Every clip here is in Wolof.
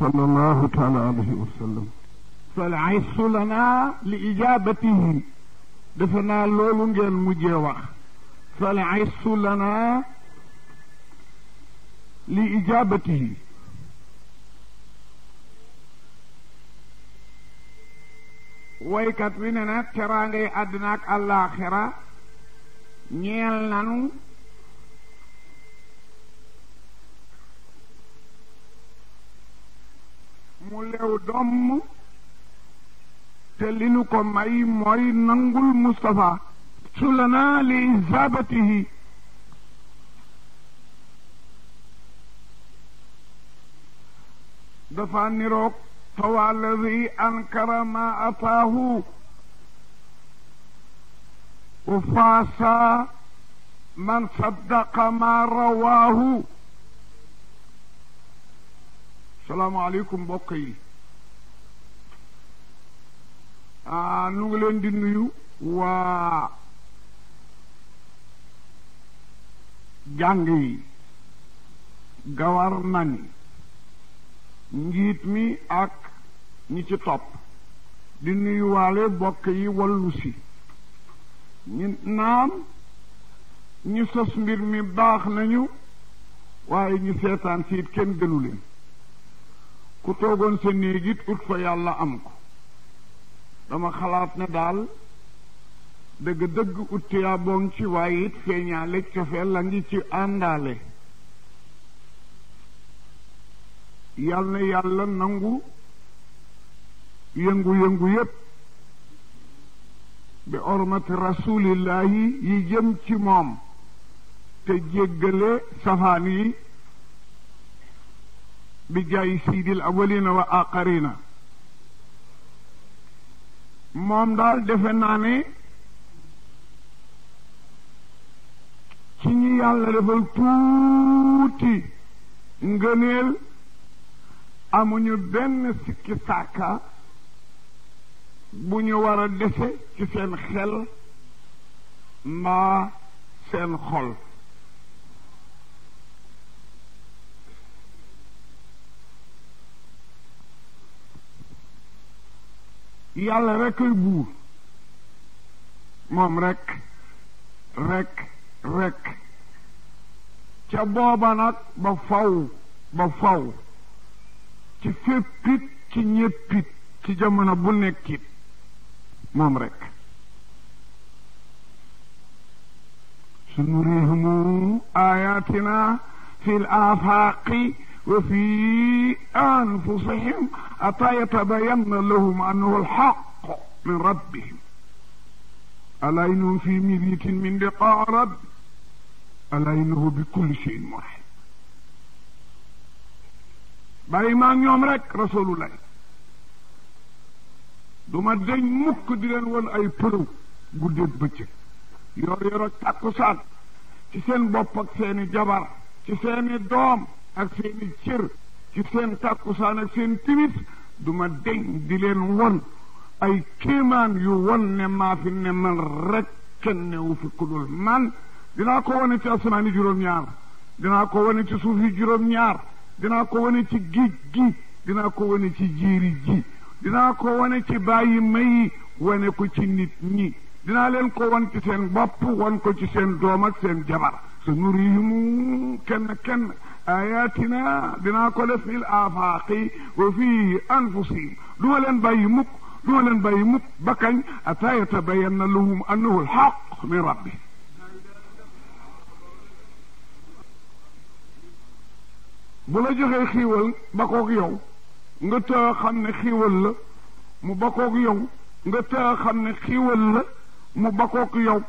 صلى الله تعالى عليه وسلم فالعيس لنا لإجابته دفنا لولو نجل مجي فالعيس لنا لإجابته waykat wi ne na teraangay àddina ak àllaaxira mu lew dom te linu ko may moy nangul mustafa sulana li isabatihi dafa niroog fawa alladi ankara ma ataahu وفاسا من صدق ما رواه salaamaaleykum mbokk yi ah nu ngi leen di nuyu waa jàng yi gawar nani njiit mi ak ñi ci topp di nuyuwaale bokk yi wallu si ñi naam ñi sos mbir mi baax nañu waaye ñu seetaan siit kenn gënu leen ku toogoon sa néeg it ut fa yàlla am ko dama xalaat ne daal dëgg dëgg ut tiyaaboon ci waaye it feeñaale cofeel la ngi ci àndaale yal na yàlla nangu yëngu yëngu yépp bi ormati rasulillahi yi jëm ci moom te jéggale safaan yi بجاي سيد الأولين والآخرين moom daal defe naa ne ci ñi yàlla defal tuuti ngëneel amuñu benn sikki sàkka bu ñu war a dese ci seen xel mbaa seen xol yàlla rek ay buur moom rek rek rek ca booba nag ba faw ba faw ci féppit ci ñéppit ci jamono bu nekkit moom rek sunurihum ayatina fi l afaqi وفي أنفسهم أتى يتبين لهم أنه الحق من ربهم ألا إنهم في مليك من لقاء رب ألا إنه بكل شيء محيط بايمان يوم رك رسول الله دوما دين مك دين ون اي پلو گودت بچه يور يور تاكو سان سين بوبك سين جبر سين دوم ak seeni cër ci seen tàkkusaan ak seen timis du ma deñ di leen wan ay kéemaan yu won ne maa fi ne man rek kenn newu fi kudul man dinaa ko wane ci asamaan yi juróom-ñaar dinaa ko wane ci suuf yi juróom-ñaar dinaa ko wane ci géej gi dinaa ko wane ci jéeri ji dinaa ko wane ci bàyyi mayi wane ko ci nit ñi dinaa leen ko wan ci seen bopp wan ko ci seen doom ak seen jabar sa nurihim kenn kenn آياتنا دنا كل في الآفاق وفي أنفسهم دولا بيمك دولا بيمك بكن أتا يتبين لهم أنه الحق من ربه بلا جهي خيول بكوك يو نغتا خمن خيول مبكوك يو نغتا خمن خيول مبكوك يو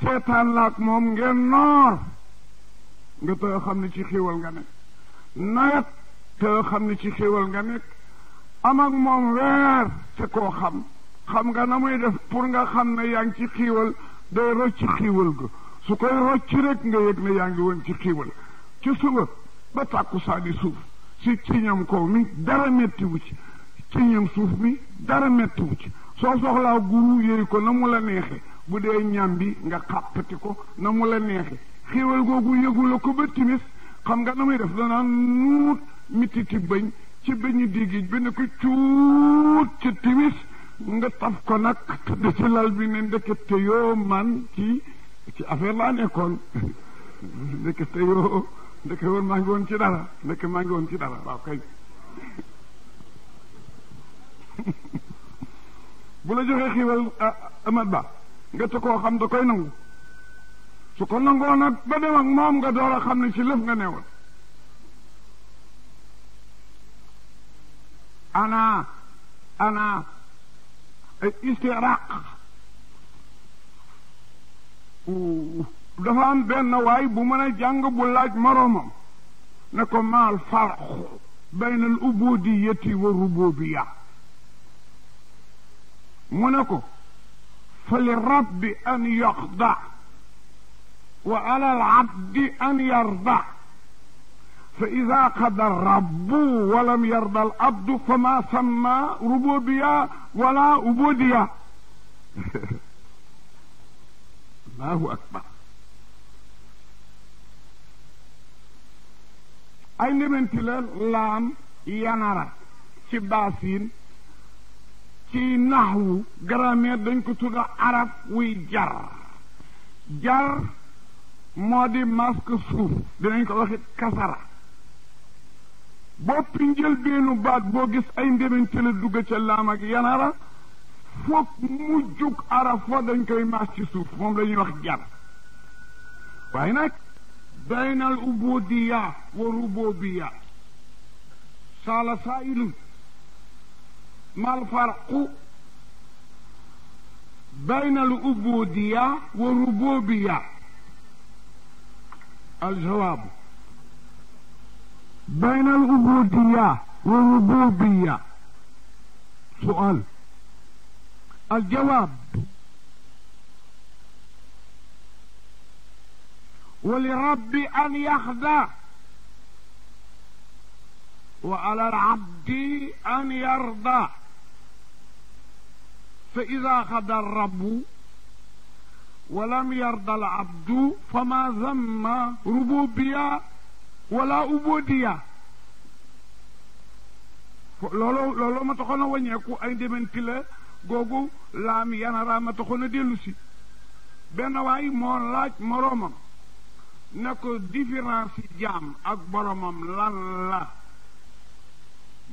سيطان لك مهم نار nga te xam ne ci xéewal nga nekk nawet te xam ne ci xéewal nga nekk am ak moom weer te koo xam xam nga na muy def pour nga xam ne yaa ngi ci xiiwal day rocc xiiwal ga su koy rocc rek nga yëg ne yaa ngi woon ci xiiwal ci suba ba tàkku saani suuf si ci ñam kaw mi dara mettiwu ci ci ñam suuf mi dara mettiwu ci soo soxlaa guru yëy ko na mu la neexe bu dee ñam bi nga xàppati ko na mu la neexe xéewal googu yëgu la ko ba timis xam nga na muy def danaa nuut mititi bañ ci bañu digij bi ne ko cuut ci timis nga taf ko nag tëdd ci lal bi ne ndekete yoo man ci ci affaire laa nekkoon ndekete yoo ndeke woon maa ngi woon ci dara ndeke maa ngi woon ci dara waaw kay bu la joxee xiiwal amat ah, ba nga te koo xam da koy nangu su ko nangoo nag ba dem ak moom nga door a xam ne ci lëf nga newoon ana ana istiraaq dafa am benn waay bu mën a jàng bu laaj moroomam ne ko maal farqu bayna al ubudiyati wa rububiya mu ne ko fa li rabbi an yaxda وعلى العبد ان يرضى فاذا قضى الرب ولم يرضى الابد فما سمى ربوبيه ولا عبوديه ما هو اكبر اين من تلال لام ينرى شباسين في نحو جرامير دنكتو عرب ويجر جر moo di masque suuf dinañ ko waxit kasara boppi njëlbeenu baat boo gis ay ndemante la dugg ca laam ak yanara foog mujjug arafa dañ koy maas ci suuf moom la ñuy wax jar waaye nag بين العبودية والربوبية سال سائل ما الفرق بين العبودية والربوبية الجواب بين العبودية والربوبية سؤال الجواب ولرب أن يخدع وعلى العبد أن يرضى فإذا خدع الرب ولم يرضى العبد فما ذم ربوبية ولا عبودية loolu loolu ma taxoon a waññeeku ay demanti googu laam yanaraa ma taxoon a dellu si benn waay moo laaj moroomam ne ko différence jaam ak boromam lan la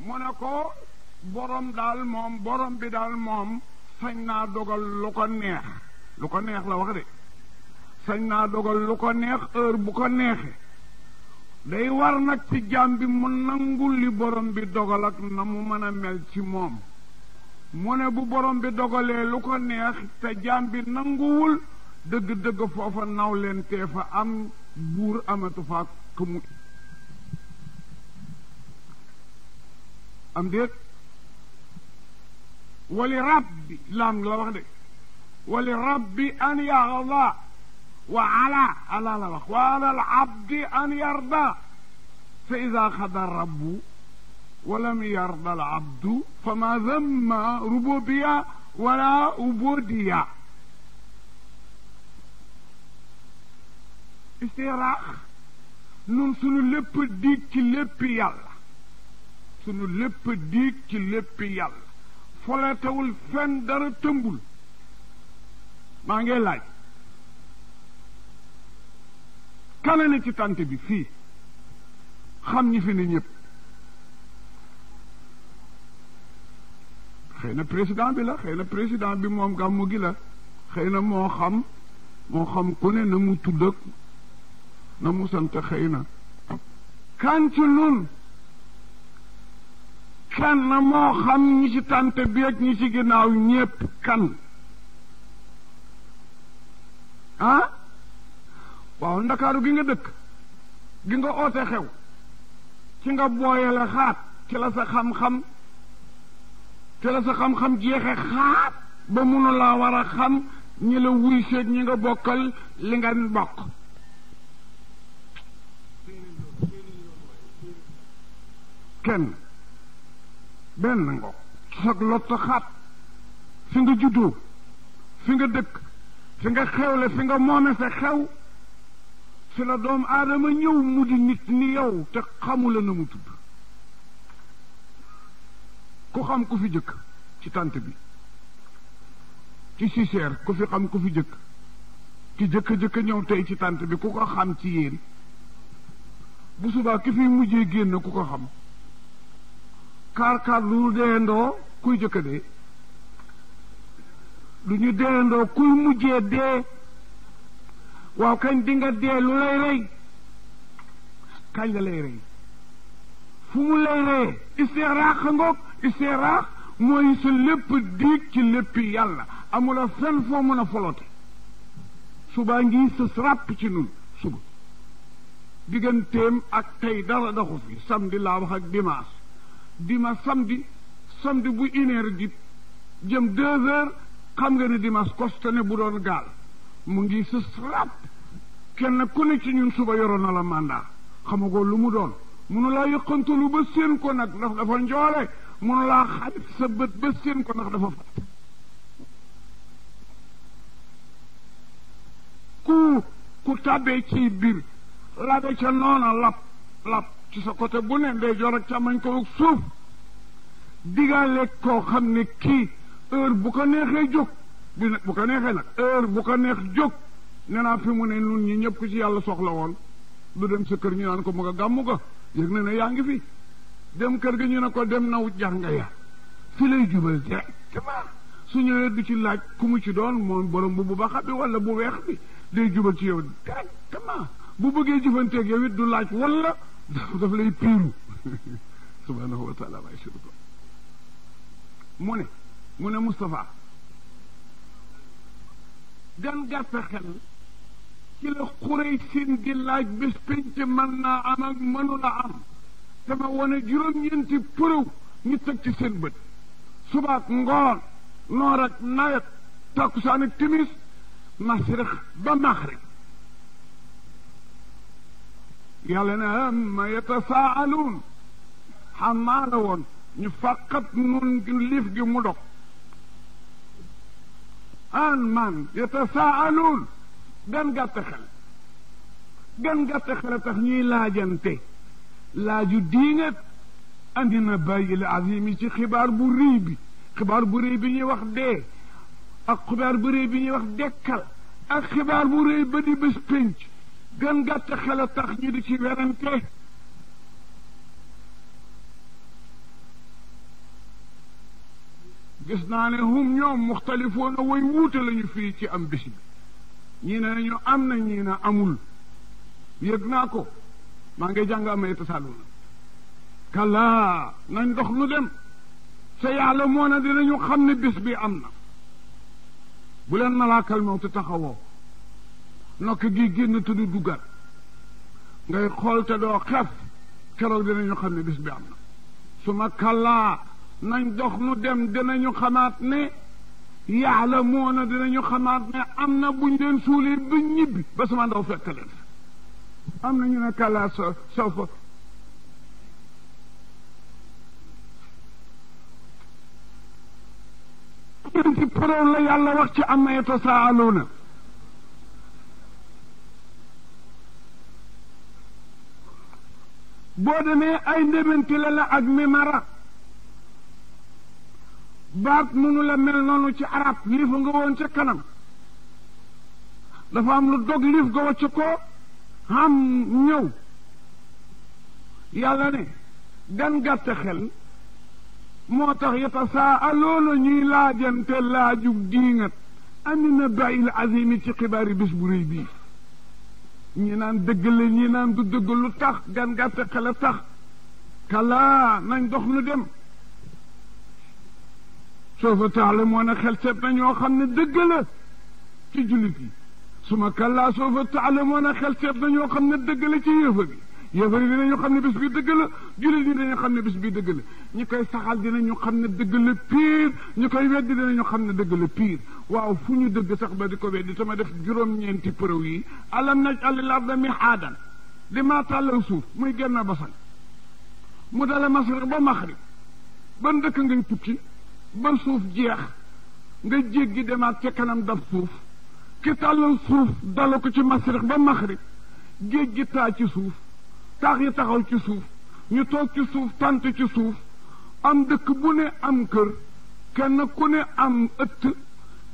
mu ne ko borom daal moom borom bi daal moom sañ naa dogal lu ko neex lu ko neex la wax de sañ naa dogal lu ko neex heure bu ko neexe day war nag ci jaam bi mu nangul li borom bi dogal na mu mën a mel ci moom mu ne bu borom bi dogalee lu ko neex te jaam bi nanguwul dëgg-dëgg foofa naw leen fa am buur amatu fa ku mu am déet wali rab laam la wax de ولرب أن يرضى وعلى على الأخوان العبد أن يرضى فإذا أخذ الرب ولم يرضى العبد فما ذم ربوبية ولا عبودية استراخ نون سنو لب ديك لب يالا سنو لب ديك لب يالا فلا تول فن دار تمبول maa ngi laaj kana ci tànt bi fii xam ñi fi ni ñëpp xëy na président bi la xëy na président bi moom gàmmu gi la xëy na moo xam moo xam ku ne na mu tudd na mu sant xëy na kan ci nun kan na moo xam ñi ci tànt bi ak ñi ci ginnaaw ñépp kan Ah? waaw ndakaaru gi nga dëkk gi nga oote xew ci nga booyale xaat ci la sa xam-xam ci la sa xam-xam jeexe xaat ba mënu war a xam ñi la wuy seet ñi nga bokkal li nga bokk kenn benn ngo sag lott xaat fi nga juddoo fi nga dëkk fi nga xewle fi nga moome sa xew fi la doomu aadama ñëw mu di nit ni yow te xamula na mu tudd ku xam ku fi jëkk ci tant bi ci siseer ku fi xam ku fi jëkk ki jëkk-jëkk ñëw tey ci tant bi ku ko xam ci yéen bu subaa ki fi mujjee génn ku ko xam kaar kaar lu dee ndoo kuy jëkk dee du ñu deendoo kuy mujjee dee waaw kañ di nga dee lu lay rey kañ lay rey fu mu lay reyee isteeraax ngoog isteeraax mooy sa lépp diig ci léppi yàlla amula fenn foo mën a folote subaa ngi sës ràpp ci nun suba digganteem ak tey dara doxu fi samedi laa wax ak dimanche dimanche samedi samedi bu une heure jib jëm xam nga ne Damascus te ne bu doon gaal mu ngi sës ràpp kenn ku ne ci ñun suba yoroon na la mandat xamagoo lu mu doon munu laa yëqantalu ba seen ko nag ndax dafa njoole munu laa sa bët ba seen ko ndax dafa fat ku ku tàbbee ci biir labe ca noona lap lap ci sa côté bu ne ndey joor ak càmmañ ko suuf diggaale koo xam ne kii heure bu ko neexee jóg bu bu ko neexee nag heure bu ko neex jóg nee naa fi mu ne nun ñi ñëpp ku ci yàlla soxla woon lu dem sa kër ñu naan ko mu nga gàmmu ko yëg na ne yaa ngi fi dem kër gi ñu ne ko dem naw jànga ya fi lay jubal directement su ñëwee du ci laaj ku mu ci doon moom borom bu bu baxa bi wala bu weex bi day jubal ci yow directement bu bëggee jëfanteeg yow du laaj wala daf lay piiru subhanahu wa mu ne mu ne Moustapha gan gàtta xel ci la xurey sin di laaj bés pénc mën naa am ak mënula am dama wane juróom-ñeenti përëw ñu teg ci seen bët subaak ngoon noor ak nawet takkusaan ak timis masrix ba maxrib yàlla ne amma yatasaaluun xamaa la woon ñu fàqat nun gi mu dog an man yatasaaluun gan gàtt xel gan gàtt xel a tax ñuy laajante laaju diingat andi na bàyyi la azim yi ci xibaar bu rëy bi xibaar bu rëy bi ñuy wax dee ak xibaar bu rëy bi ñuy wax dekkal ak xibaar bu rëy ba di bés pénc gan gàtt xel tax ñu di ci werante gis naa ne hum ñoom muxtalifoona way wuute lañu fii ci am bis bi ñii ne nañu am na ñii ne amul yëg naa ko maa ngi jàng amee tasaaluna kallaa nañ dox nu dem sa yàlla moo na dinañu xam ne bis bi am na bu leen malaakal mawti taxawoo nokk gi génn tudd dugal ngay xool te doo xef keroog dinañu xam ne bis bi am na su ma kallaa nañ dox nu dem dinañu xamaat ne yàlla moo na dinañu xamaat ne am na buñ leen suulee duñ ñibbi ba sama ndaw fekk leen am na ñu ne kàllaa so soofa ñeenti preuve la yàlla wax ci am na yatasaaluuna boo demee ay ndémanti la la ak mimara baat mënu la mel noonu ci arab liifa nga woon ca kanam dafa am lu dog liif ga wacc ko am ñëw yàlla ne gan gàtt xel moo tax yatasaaluuna ñuy laajante laajub diingat anina bàyyil azimi ci xibaari bés bu réy bii ñi naan dëgg la ñi naan du dëgg lu tax gan gàtt xel a tax kalaa nañ dox nu dem سوف تعلم وانا خلت بن يوخن الدقلة تجلبي ثم كلا سوف تعلم وانا خلت بن يوخن الدقلة تيفقي يا فريد لن يخن بس بي دقل جلد لن يخن بس بي دقل نيكاي ساخال دي لن يخن دقل بير نيكاي ويد لن يخن دقل بير واو فوني دقل ساخ با ديكو بيدي سما دف جروم نينتي بروي ألم نجعل الأرض محادا لما تعلو سوف مي جرنا بصل مدال مصر با بندك نجي توتي ba suuf jeex nga jéggi demaat ca kanam daf suuf ki tàllal suuf dala ci masrix ba maxrib géej gi taa ci suuf taax yi taxaw ci suuf ñu toog ci suuf tant ci suuf am dëkk bu ne am kër kenn ku ne am ëtt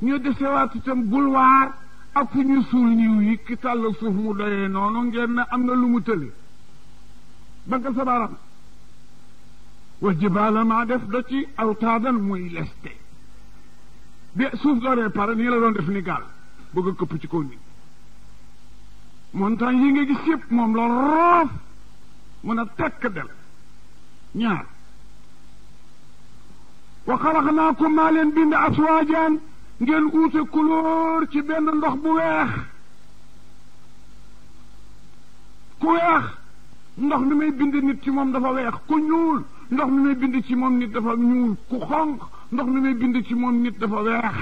ñu desewaat itam bulwaar ak ñu suul niiw yi ki tàllal suuf mu doyee noonu ngeen ne am na lu mu tële ba وجبال ما دفدتي أو تادن ميلستي بي سوف غاري بارا نيلا دون دفني قال بوغا كبتش كوني مونتان ينجي جسيب موم لروف من التك دل نيار نعم. وخلقناكم مالين بين أسواجان نجل أوت كلور تي بين اللوخ بويخ كويخ ndox ni may bind nit ci moom dafa weex ku ñuul ndox mi may bind ci moom nit dafa ñuul ku xonq ndox mi may bind ci moom nit dafa weex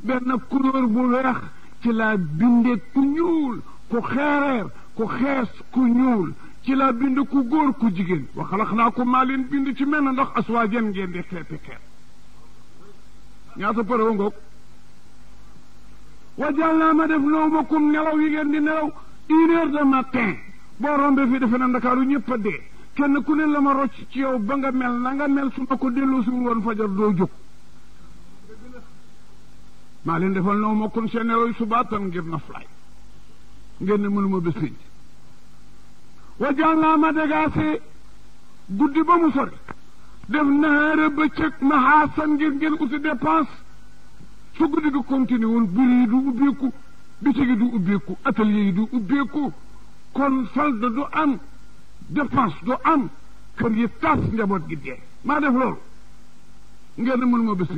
benn couleur bu weex ci laa binde ku ñuul ku xeereer ku xees ku ñuul ci laa bind ku góor ku jigéen wa xalax naa ko maa bind ci mel na ndox aswaajan ngeen di xeeti xeet ñaata pare wa ngoog naa ma def loo ma kum nelaw yi ngeen di nelaw une heure de matin boo rombee fii defe na ndakaaru ñëpp a dee kenn ku ne la ma rocc ci yow ba nga mel na nga mel su ma ko dellu suul woon fajar doo jóg maa leen defal noo ma kon seen yooyu subaatan ngir naflaay ngeen ne mënuma bés wa jaan ma dégaase guddi ba mu sori def naxaare bëccëg ma xaasan ngir ngeen uti dépense su guddi gi continué woon buri yi du ubbeeku du ubbeeku atelier yi du ubbeeku kon solde du am dépense doo am kër yi tas njaboot gi dee maa def loolu ngeen mën ma bés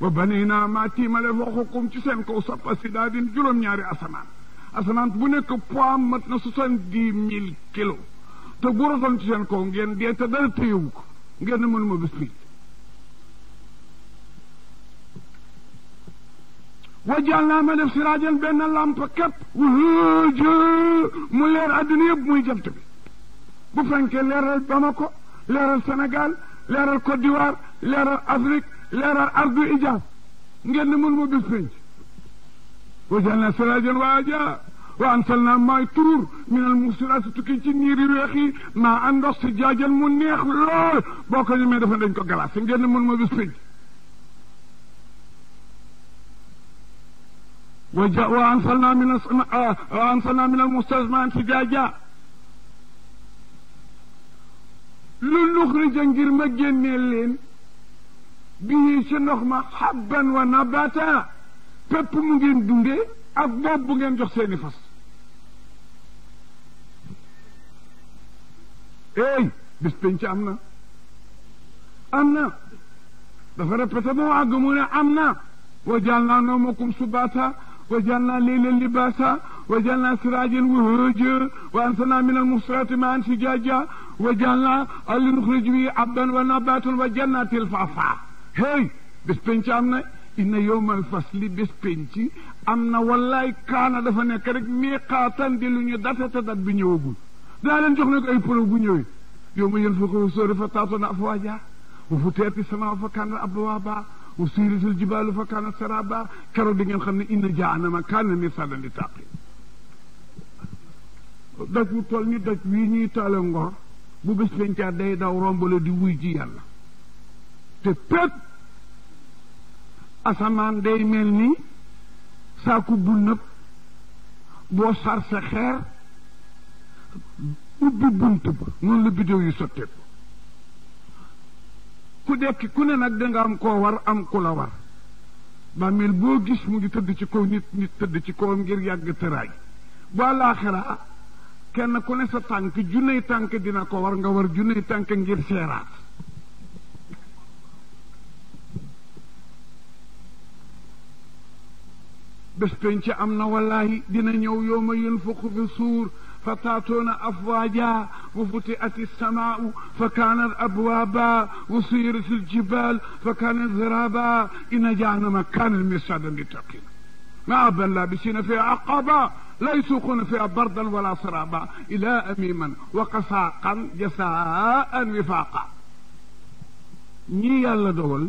wa banii maa tiimale waxukum ci seen kaw sappa si daa din juróom-ñaari asamaan asamaan bu nekk poids mat na soixante-dix mille kilos te bu rotoon ci seen kaw ngeen dee te dara téyewu ko ngeen mën bis bés وجعلنا من سراجا بين اللامبك وهوج مولير ادني بوي جمتبي بو فرانك لير الباماكو لير السنغال لير الكوديوار لير الافريك لير الارض ايجاز نجن من مو بسفنج وجعلنا سراجا واجا وانزلنا ماء ترور من المسرات تكين نيري ريخي ما عند السجاج المنيخ لول بوكو ني ما دافا دنجو غلاس نجن من وجاء وانصلنا من آه، وانصلنا من المستزمع انفجاجا لن نخرج انجر مجن اللين به شنخما حبا ونباتا بب مجن دوري اكباب مجن جخسيني فس اي بس بنش امنا امنا دفرة بتدوا عقمونا امنا وجعلنا نومكم سباتا وجعلنا ليلا لباسا وجعلنا سراجا وهوجا وانسنا من المصرات ما انسجاجا وجعلنا اللي نخرج به عبدا ونبات وجنات الفافا هي بس بنتي امنا إن يوم الفصل بس بنتي امنا والله كان دفا كرك ميقاتا دي لو ني داتا تدات بي دا لن جوخ اي برو بو يوم ينفخ الصور فتاتنا نافواجا وفتحت السماء فكان ابوابا wa si jibaalu fa kaanat saraaba keroog di ngeen xam ne inna jaanama kaana mirsaadan li taaqi doj wu toll ni doj wii ñuy taale ngor bu bés pencaat day daw rombale di wuy ji yàlla te pépp asamaan day mel ni saaku bu boo sar sa xeer ubbi bunt ba noonu la bidéew yu sotteeku ku dekki ku ne nag danga am koo war am ku la war bàmmeel boo gis mu tëdd ci kaw nit nit tëdd ci kawam ngir yàgg tëraay bu àllaaxira kenn ku ne sa tànk junney tànk dina ko war nga war junney tànk ngir seeraat bés penc am na wallaahi dina ñëw yow ma yun fuq fi suur فتاتون أفواجا وفتئت السماء فكانت أبوابا وصيرت الجبال فكانت ذرابا إن جهنم كان مرصادا للتقين ما بل لابسين في عقبا لا يسوقون فيها بردا ولا سرابا إلى أميما وقساقا جساء وفاقا ñi yàlla dogal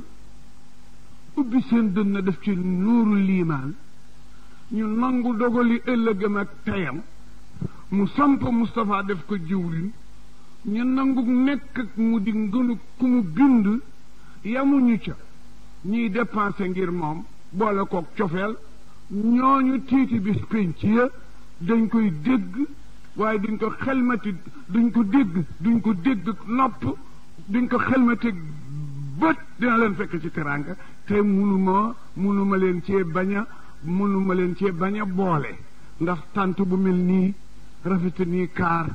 ubbi seen dënn def ci nuurul liimaan ñu nangu dogali ëllëgam ak mu samp Moustapha def ko jiwlin ñu nangu nekk ak mu di ngënu ku mu bind yamuñu ca ñiy dépensé ngir moom boole kook cofeel ñooñu tiiti bi pénc ya dañ koy dégg waaye duñ ko xelmati duñ ko dégg duñ ko dégg nopp duñ ko xelmati bët dina leen fekk ci teraanga te munuma munuma leen cee bañ a munuma leen cee bañ boole ndax tànt bu mel nii rafete nii kaar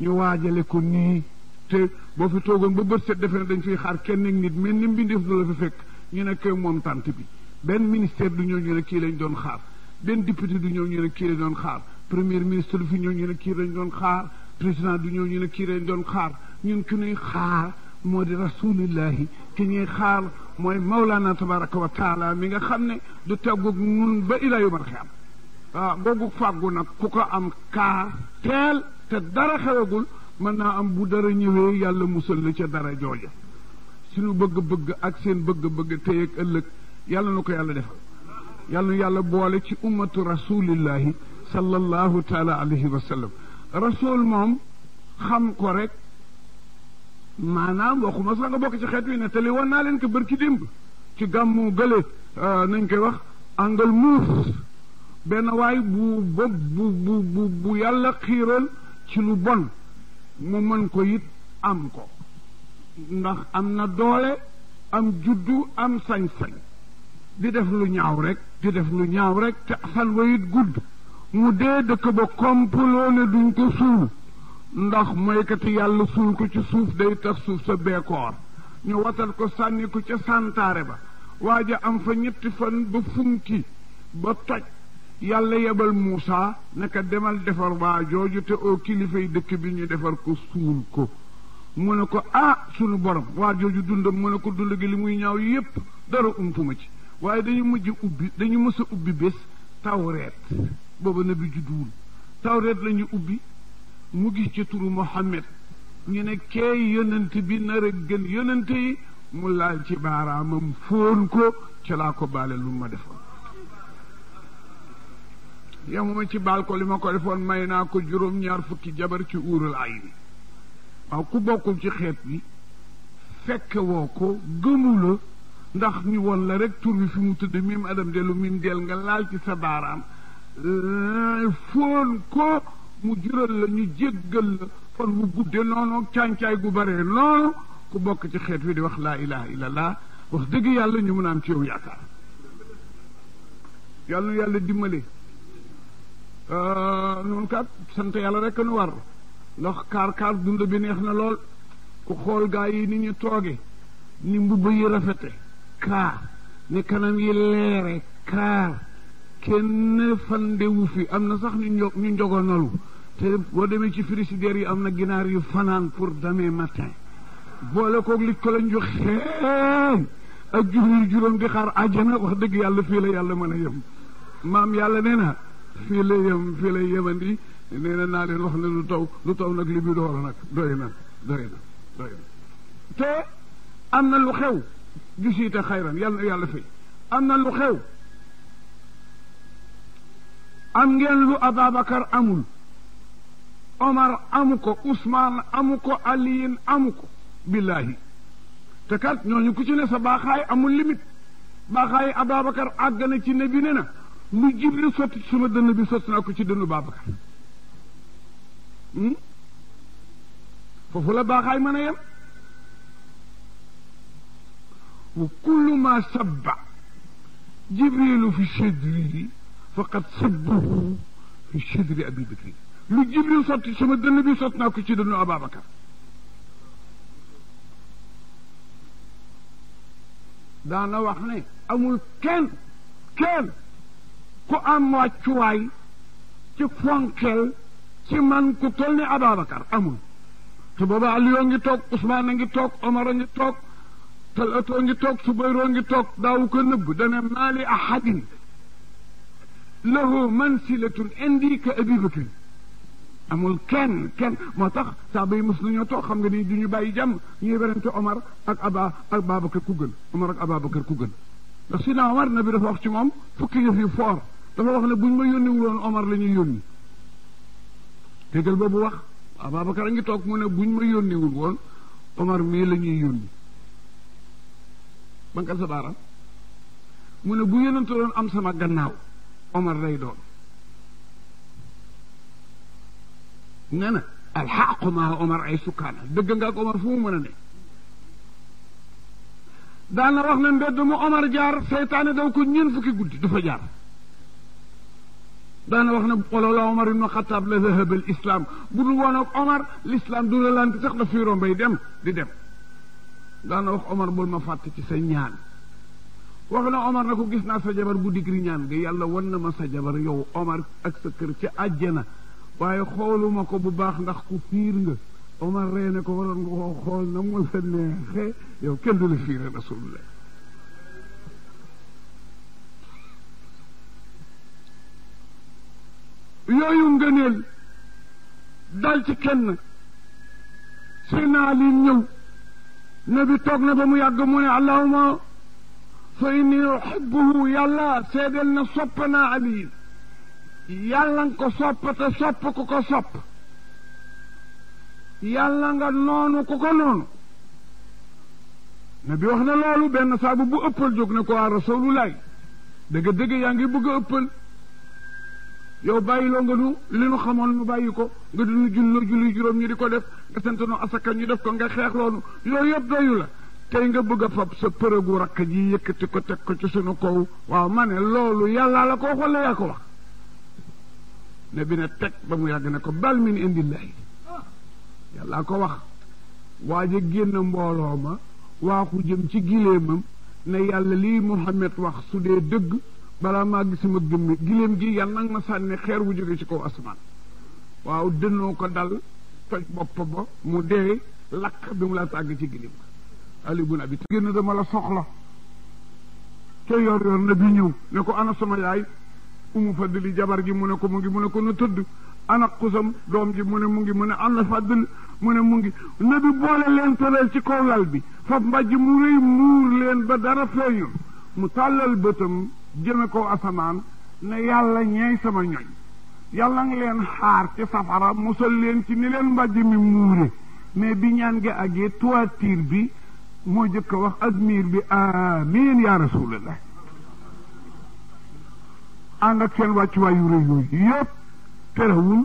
ñu waajale ko nii te boo fi toogoon ba bët set defe ne dañ fiy xaar kenn ak nit mel ni mbindeef du la fekk ñu ne koy moom tant bi benn ministère du ñëw ñu ne kii lañ doon xaar benn député du ñëw ñu ne kii doon xaar premier ministre du fi ñëw ñu ne kii lañ doon xaar président du ñëw ñu ne kii lañ doon xaar ñun ki ñuy xaar moo di rasulillahi ki ñuy xaar mooy mawlaana tabaraka wa taala mi nga xam ne du tàggoog nun ba ilaa yomal xiyaam Ah, googu fàggu nag ku ko am kaa teel te dara xewagul mën naa am bu dara ñëwee yàlla musal la ca dara jooja suñu bëgg-bëgg ak seen bëgg-bëgg tey ëllëg yàlla nu ko yàlla defal yàlla nu yàlla boole ci ummatu rasulillahi sallallahu taala alayhi wa sallam rasul moom xam ko rek naam waxuma sax nga bokk ci xeet wi te li wan naa leen ko bërki démb ci gàmmu gële ah, nañ koy wax angal muus benn waay bu bu bu bu bu yàlla xiiral ci lu bon mu mën ko it am ko ndax am na doole am juddu am sañ-sañ di def lu ñaaw rekk di def lu ñaaw rek te fan wa it gudd mu dee dëkk ba kompaloo ne duñ ko suul ndax moykati yàlla suul ko ci suuf day tax suuf sa beekoor ñu watal ko sànni ko ca santaare ba waa ja am fa ñetti fan ba funki ba toj yàlla yebal Muusa naka demal defar waa jooju te oo kilifay dëkk bi ñu defar ko suul ko mu ne ko ah sunu borom waa jooju dundam mu ne ko dund gi li muy ñaaw yépp dara ma ci waaye dañu mujj ubbi dañu mës a ubbi bés tawreet booba na bi judduwul tawreet lañu ubbi mu gis ci turu Muhammad ñu ne keey yonent bi nar a gën yonent yi mu laal ci baaraamam fóon ko ca ko baale lu ma defar yemuma ci baal ko li ma ko defoon may naa ko juróom-ñaar fukki jabar ci uurul ay bi waaw ku bokkul ci xeet bi fekke woo ko gëmula ndax ni woon la rek tur fi mu tudd miim adam dellu miim del nga laal ci sa baaraam foon ko mu jural la ñu jéggal la fan bu gudde noonu càncaay gu bare noonu ku bokk ci xeet wi di wax laa ilaha illallah wax dëgg yàlla ñu mën am ci yow yaakaar yàlla yàlla dimbale nun euh, kat sant yàlla rek nu war ndax kaar-kaar dund bi neex na lool ku xool gaa yi ni ñu tooge ni mbubb yi rafete kaar ni kanam yi leere kaar kenn fandewu fi am na sax ñu njog ñu njogonalu te boo demee ci frigidaire yi am na ginaar yu fanaan pour demain matin boole koog li ko lañ ju xeeñ ak juróom juróom di xaar àjjana wax dëgg yàlla fii la yàlla mën a yem maam yàlla nee na fii la yem fii la yemandi nee lu taw nag li bi door nag doy te am na lu xew gisiite xayran yàlla na yàlla fay am na lu xew am ngeen lu Ababacar amul Omar amu ko Ousmane Aliyin amu ko te kat ñooñu ku ci ne sa baaxaay amul limite baaxaay Ababacar àgg na ci ne bi ne na وكل ما سب ci sama dënd bi soti na ko ci dënd babakar hmm fofu جبريل في الشدر فقد سبه في الشدر ابي بكر لو جبريل صوت سما النبي صوتنا كو سي دنو ابا بكر دانا واخني امول كين كين ku am wàccuwaay ci fonkel ci man ku toll ni Ababacar amul te booba Aliyo ngi toog Ousmane ngi toog Omar ngi toog talato ngi toog Subayroo ngi toog daawu ko nëbb dana maali ahadin lahu mansilatun indi ka Abi amul kenn kenn moo tax saaba yi mos nañoo toog xam nga ni duñu bàyyi jàmm ñuy werante Omar ak Aba ak Babacar ku gën Omar ak Ababacar ku gën ndax sina naa Omar nabi dafa wax ci moom fukki yëf yu foor dama wax ne buñ ma yónni wuloon omar la ñu yónni déggal boobu wax ababacar a ngi toog mu ne buñ ma yónni wul woon omar mii la ñuy yónni bankal sa baaram mu ne bu yonante doon am sama gannaaw omar lay doon nee na alxaqu maa omar ay sukkaana dëgg nga ak omar fu mu mën a ne na wax na mbedd mu omar jaar seytaane daw ko ñeen fukki guddi du fa jaar دانا واخنا قولوا لا عمر بن الخطاب لذهب الاسلام بودو وانا عمر الاسلام دولا لانك تخلى في روم بي دم دي دم دانا واخ عمر بول ما فاتي سي نيان واخنا عمر نكو غيسنا سا جبر بو ديكري نيان دي يالا وننا ما سا جبر يو عمر اك سا كير تي اجينا واي خولو مكو بو باخ ناخ كو فير نغ عمر رينا كو ورون خول نمو سنه يو كندو لفير رسول الله yooyu ngëneel dal ci kenn Seydina toog na ba mu yàgg mu ne allahuma fa inni uhibbuhu yàlla seedeel na sopp naa Ali yàlla nga ko sopp te ku ko sopp yàlla nga noonu ku ko noonu nabi wax na loolu benn saabu bu ëppal jóg na ko waa rasulullah dëgg dëgg yaa ngi bëgg a ëppal yow bàyyi loo nga nu li nu xamoon nu bàyyi ko nga dinu julloo julli juróom ñu di ko def nga sant nu asaka ñu def ko nga xeex loonu yooyu yëpp doyu la tey nga bëgg a fab sa përëgu rakk ji yëkkati ko teg ko ci sunu kaw waaw ma ne loolu yàllaa la ko wax wala ko wax ne bi ne teg ba mu yàgg ne ko bal min indillahi yàllaa ko wax waa ja génn mbooloo ma waaxu jëm ci gileemam ne yàlla lii Muhammad wax su dee dëgg balaa maa gisuma gëmm giléem gi yal ma sànni xeer wu jóge ci kaw asamaan waaw dënnoo ko dal toj bopp ba mu dee lakk bi mu la tàgg ci giléem Ali bun Abi génn dama la soxla te yor yor na ñëw ne ko ana sama yaay umu fadli jabar gi mu ne ko mu ngi mu ne ko na tëdd ana xusam doom ji mu ne mu ngi mu ne ana fadl mu ne mu ngi nabi boole leen tëral ci kaw lal bi faf mbàjj mu rëy muur leen ba dara feeñul mu tàllal bëtam jëme ko asamaan ne yàlla ñeey sama ñoñ yàlla nga leen xaar ci safara musal leen ci ni leen mbàjj mi muure mais bi ñaan gi àggee toiture bi moo jëkk wax ak miir bi amiin yaa rasulallah ànd ak seen wàccuwaay yu rëy yooyu yëpp terewul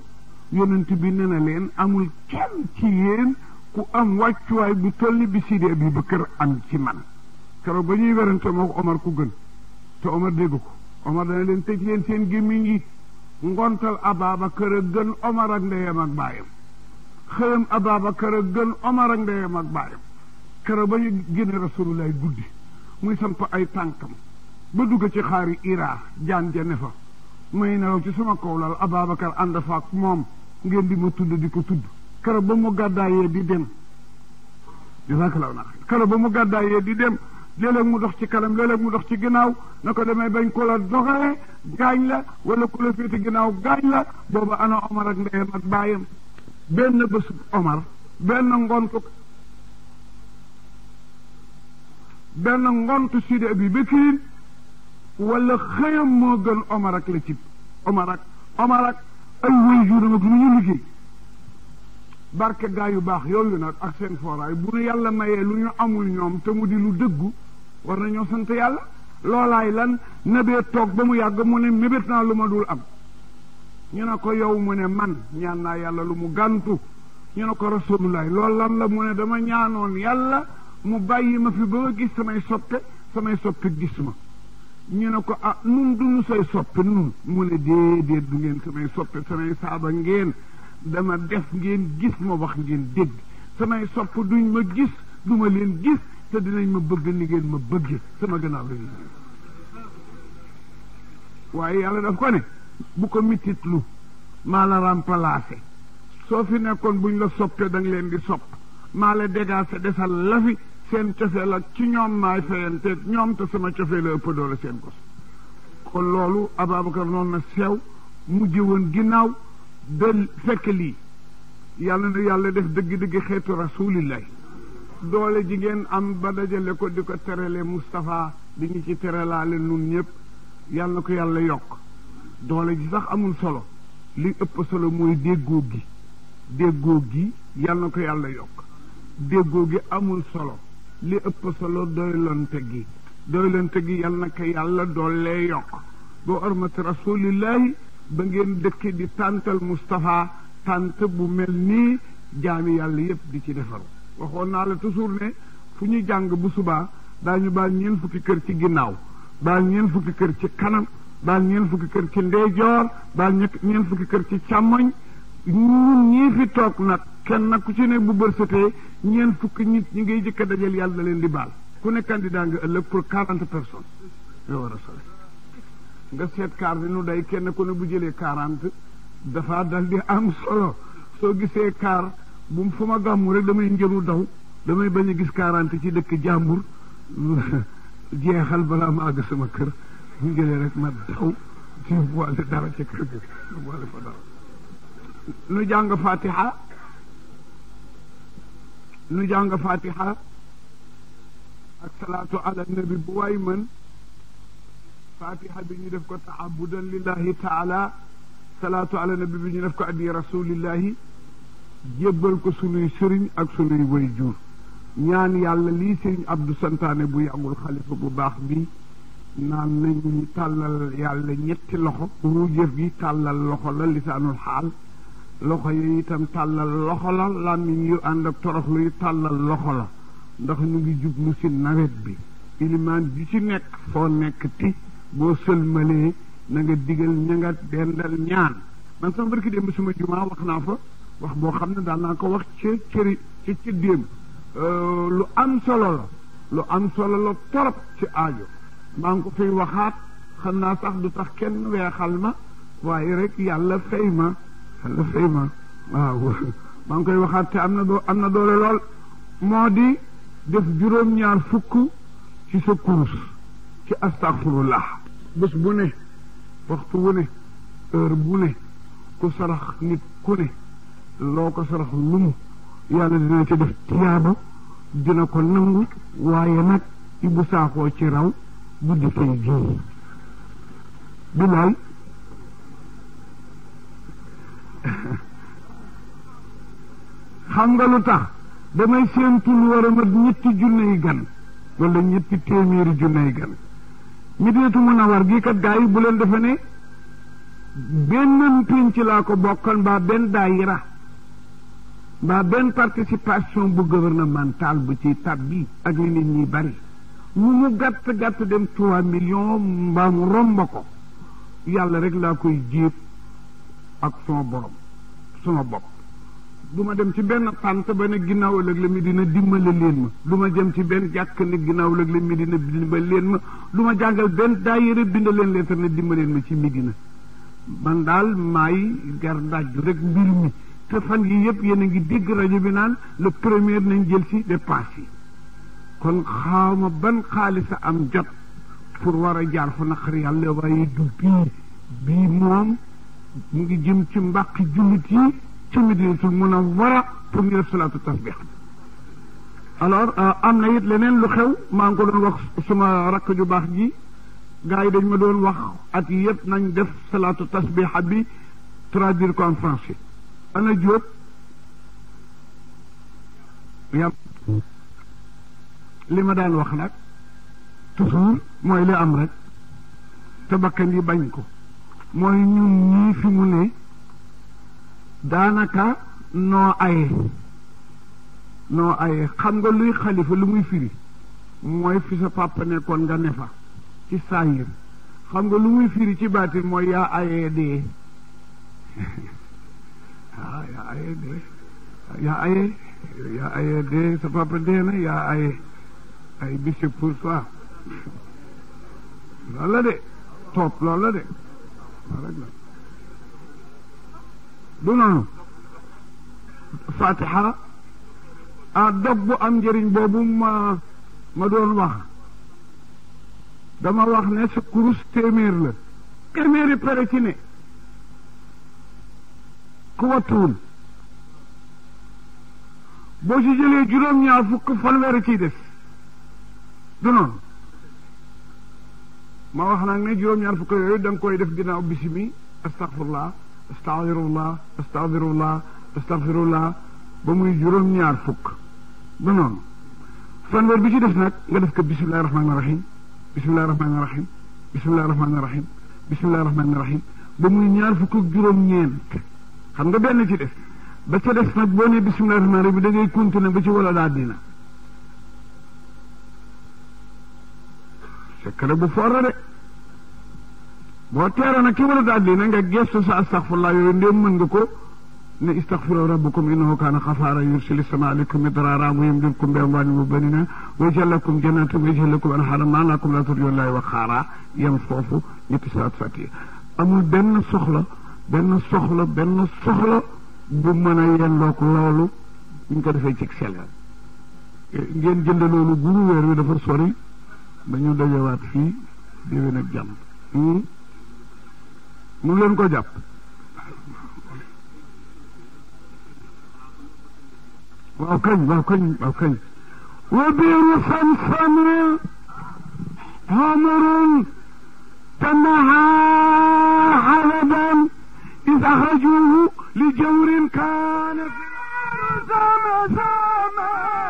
yonent bi nee leen amul kenn ci yéen ku am wàccuwaay bu toll bi Sidi Abi am ci man keroog ba ñuy werante moo ko Omar ku gën te Omar dégg ko Omar dana leen tëj leen seen gémmiñ yi ngontal Ababacar a gën Omar ak ndeyam ba ñu génne guddi muy samp ay tànkam ba dugg ci xaari Ira jaan ja ne fa may ci sama kaw lal Ababacar ànd moom ngeen di ma tudd di ko tudd kero ba mu gàddaayee di dem jazakallahu na kero ba mu gàddaayee di dem léeg-léeg mu dox ci kanam léeg-léeg mu ci ginnaaw na ko demee bañ ko la doxale gaañ la wala ku la féete ginnaaw gaañ la booba ana Omar ak ndeyam ak baayam benn bésub Omar benn ngontu benn ngontu Sidi Abi Bakrin wala xëyam moo gën la cib Omar ak Omar ak ay wéy juróom ak lu ñu barke gaa yu baax yooyu nag ak seen fooraay bu nu yàlla mayee lu ñu amul ñoom te mu di lu dëggu war nañoo sant yàlla loolaay lan na nabee toog ba mu yàgg mu ne mébét naa lu ma dul am ñu ne ko yow mu ne man ñaan naa yàlla lu mu gàntu ñu ne ko rasulullah loolu lan la mu ne dama ñaanoon yàlla mu bàyyi ma fi ba ma gis samay soppe samay soppe gis ma ñu ne ko ah nun duñu say soppe nun mu ne déedéet du ngeen samay soppe samay saaba ngeen dama def ngeen gis ma wax ngeen dégg samay sopp duñ ma gis du ma leen gis te dinañ ma bëgg ni ngeen ma bëgg sama gannaaw la waaye yàlla daf ko ne bu ko mititlu maa la soo fi nekkoon buñ la soppee da nga leen di sopp maa la dégacé desal la fi seen cofeel ak ci ñoom maay fayante ñoom te sama cofeel la ëpp doole seen gos kon loolu Ababacar noonu na seew mujj woon ginnaaw ba fekk lii yàlla na yàlla def dëgg-dëgg xeetu rasulillahi doole ji ngeen am ba dajale ko di ko terale Moustapha di ñu ci teralaale nun ñëpp yàlla ko yàlla yokk doole ji sax amul solo li ëpp solo mooy déggoo gi déggoo gi yàlla ko yàlla yokk déggoo gi amul solo li ëpp solo doylante gi doylante gi yàlla ko yàlla doolee yokk boo ormati rasulillahi ba ngeen dëkk di tàntal Moustapha tànt bu mel nii jaami yàlla yëpp di ci defaru waxoon naa la toujours ne fu ñuy jàng bu subaa daañu baal ñeen fukki kër ci ginnaaw baal ñeen fukki kër ci kanam baal ñeen fukki kër ci ndeyjoor baal ñeen fukki kër ci càmmoñ ñun ñii fi toog nag kenn nag ku ci nekk bu bërsëtee ñeen fukki nit ñi ngay jëkk dajal yàlla na leen di baal ku ne candidat nga ëllëg pour quarante personnes nga war a sole nga seet kaar bi nu day kenn ku ne bu jëlee quarante dafa dal di am solo soo gisee kaar bu fu ma gàmmu rek damay njëlu daw damay bañ gis 40 ci dëkk jàmbur jéxal bala ma àgg sama kër ñu gëlé rek ma daw ci boole dara ci kër gi wal fa dara nu jàng fatiha nu jàng fatiha ak salatu ala nabi bu way man fatiha bi ñu def ko taabudan lillahi taala salatu ala nabi bi ñu def ko addi rasulillahi jébbal ko sunuy sëriñ ak sunuy way jur ñaan yàlla lii sëriñ abdu santaane bu yàggul xalifa bu baax bi naan nañu tàllal yàlla ñetti loxo ru jëf gi tàllal loxo la lisaanul xaal loxo yi itam tàllal loxo la làmmiñ yu ànd ak torox lu tàllal loxo la ndax ñu ngi jublu si nawet bi ilimaan bi ci nekk foo nekk ti boo sëlmalee na nga digal ñangat dendal ñaan man sama barki démb suma jumaa wax fa wax boo xam ne daan naa ko wax ca cëri ca euh, lu am solo la lu am solo la torop ci aajo maa ngi ko fiy waxaat xam naa sax du tax kenn weexal ma waaye rek yàlla fay ma maa ngi koy waxaat te am na na doole lool moo di def juróom-ñaar fukk ci sa kurus ci astaghfirullah bés bu ne waxtu wu ne heure bu ne ku nit ku loo ko sarax lu mu yàlla dina ci def tiyaaba dina ko nangu waaye nag Ibou Sakho ci raw guddi fay jii bilaay xam nga lu tax damay séentu lu war a mat ñetti junney gan wala ñetti téeméeri junney gan Madinatu Munawwara gii kat gaa yi bu leen defe ne benn ci laa ko bokkan ba benn daayira mbaa benn participation bu gouvernementale bu ci tab bi ak li nit ñi bari mu mu gàtt gàtt dem trois millions mbaa mu romb ko yàlla rek laa koy jiib ak suma borom sama bopp duma dem ci benn pant ba ne ginnaaw ëllëg la mi dina dimbale leen ma du ma jëm ci benn jàkk ne ginnaaw ëllëg la mi dina dimbale leen ma du ma jàngal benn daayira bind leen leetar ne dimbaleen ma ci midina man daal maay gar ndaaj rek mbir mi te fan yi yëpp yéen a ngi dégg rajo bi naan le premier nañ jël ci dépense yi kon xawma ban xaalis am jot pour war a jaar fa naqar yàlla waaye du bii bii moom mu ngi jëm ci mbàqi jullit yi ci Madinatul Munawwara pour ñu def salaatu tasbih alors euh, am na it leneen lu xew maa ngi ko doon wax suma rakk ju baax ji gars yi dañ ma doon wax at yëpp nañ def salaatu tasbih bi traduire ko en ana jóob yam li ma daan wax nag toujours mooy li am rek te bakkan yi bañ ko mooy ñun ñii fi mu ne daanaka noo aye noo aye xam nga luy xalifa lu muy firi mooy fi sa papa nga ne fa ci saayir xam nga lu muy firi ci baatin mooy yaa ayee dee ah yaa aye de yaa aye yaa sa papa dee na yaa aye ay bise pour soi loolu de topp loolu de du noonu fatiha a dog bu am njëriñ boobu ma doon wax dama wax ne sa kurus téeméer la téeméeri pare ci ku wattuwul boo ci jëlee juróom-ñaar fukk fanweer ciy des du noonu ma wax nag ne juróom-ñaar fukk yooyu da nga koy def ginnaaw bisimi astaghfirullah astaghfirullah astaghfirullah astaghfirullah ba muy juróom-ñaar fukk du noonu fanweer bi ci def nag nga def ko bismillahi rahmaani rahim bismillahi rahmaani rahim bismillahi rahmaani rahim bismillahi rahmaani rahim ba muy ñaar fukk ak juróom-ñeent xam nga benn ci def ba ca des nag boo ne bisimilah rahmaan rahim da ngay continue ba ci wala daa dina secret bu foor de boo teera nag ci wala daa dina nga gestu sa astaghfirullah yooyu ndéem mën nga ko ne istaghfiru rabbukum innahu kana ghafara yursil sama alaykum midrara wa yumdidkum bi amwalin wa banina wa yaj'al lakum jannatin wa yaj'al lakum anharan ma lakum la turjuna lillahi wa khara yam foofu ñetti saat fatiha amul benn soxla benn soxla benn soxla bu mën a yelloog loolu ñu ko defee ci sellal e, ngeen jënd loolu bu ñu weer wi dafa sori ba ñu dajewaat fii déwén ak jàmm hmm? mu leen ko jàpp waaw kañ waaw kañ waaw kañ wa biiru samsamin xamarun tanaha xalaban إذ أخرجوه لجور كان في سما سما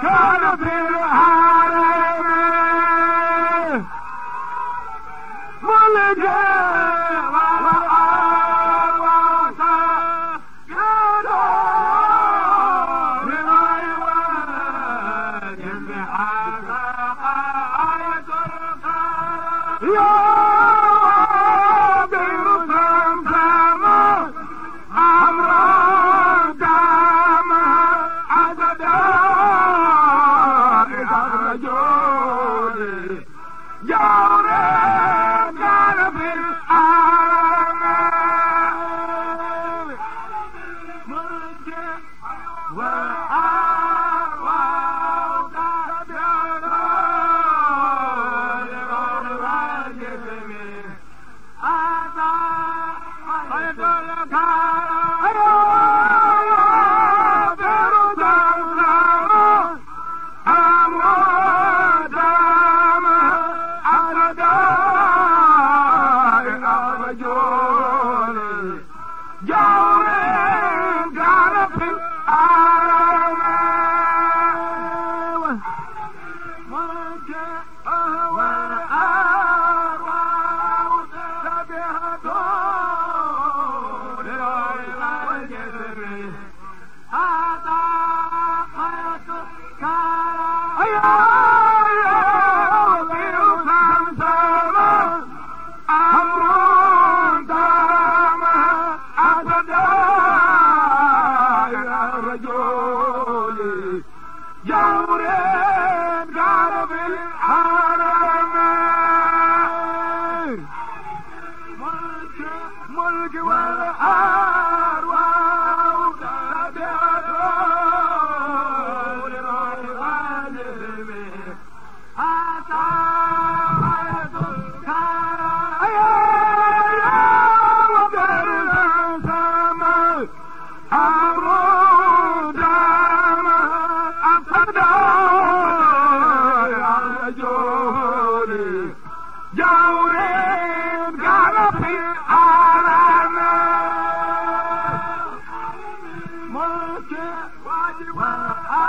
Come on up here, Well, I.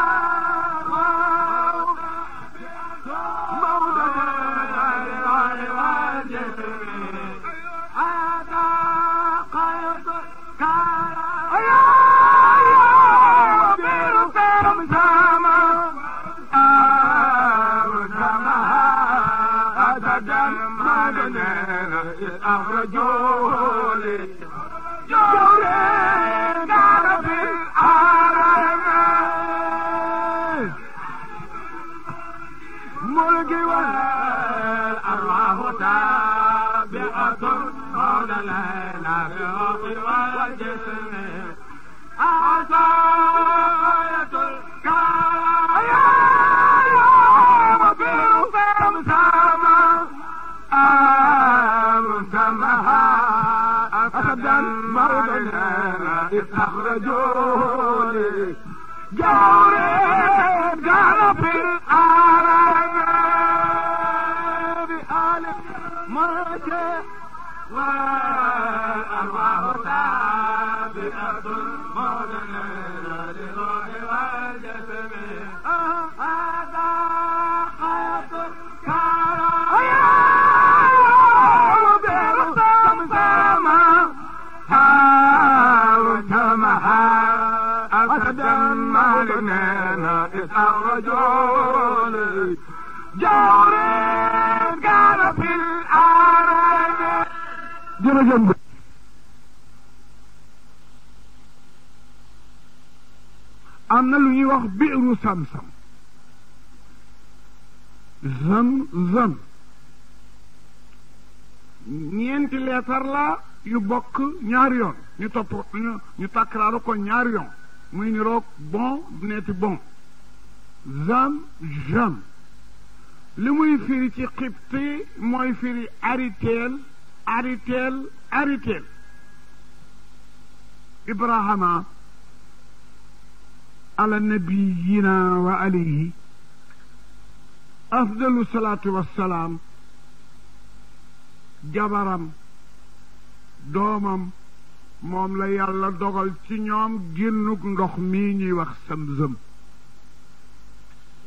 gën a am na lu ñuy wax biiru sam-sam zam zam ñeenti leetar la yu bokk ñaari yoon ñu topp ñu takkaraaru ko ñaari yoon muy ni roog bon neeti bon zam jam li muy firi ci xibti mooy firi ariteel அரிக்கேல் அரிக்கேல் இப்ராஹமா على نبينا وعليه أفضل الصلاة والسلام jabaram doomam moom la yàlla dogal ci ñoom génnuk ndox mii ñuy wax samsam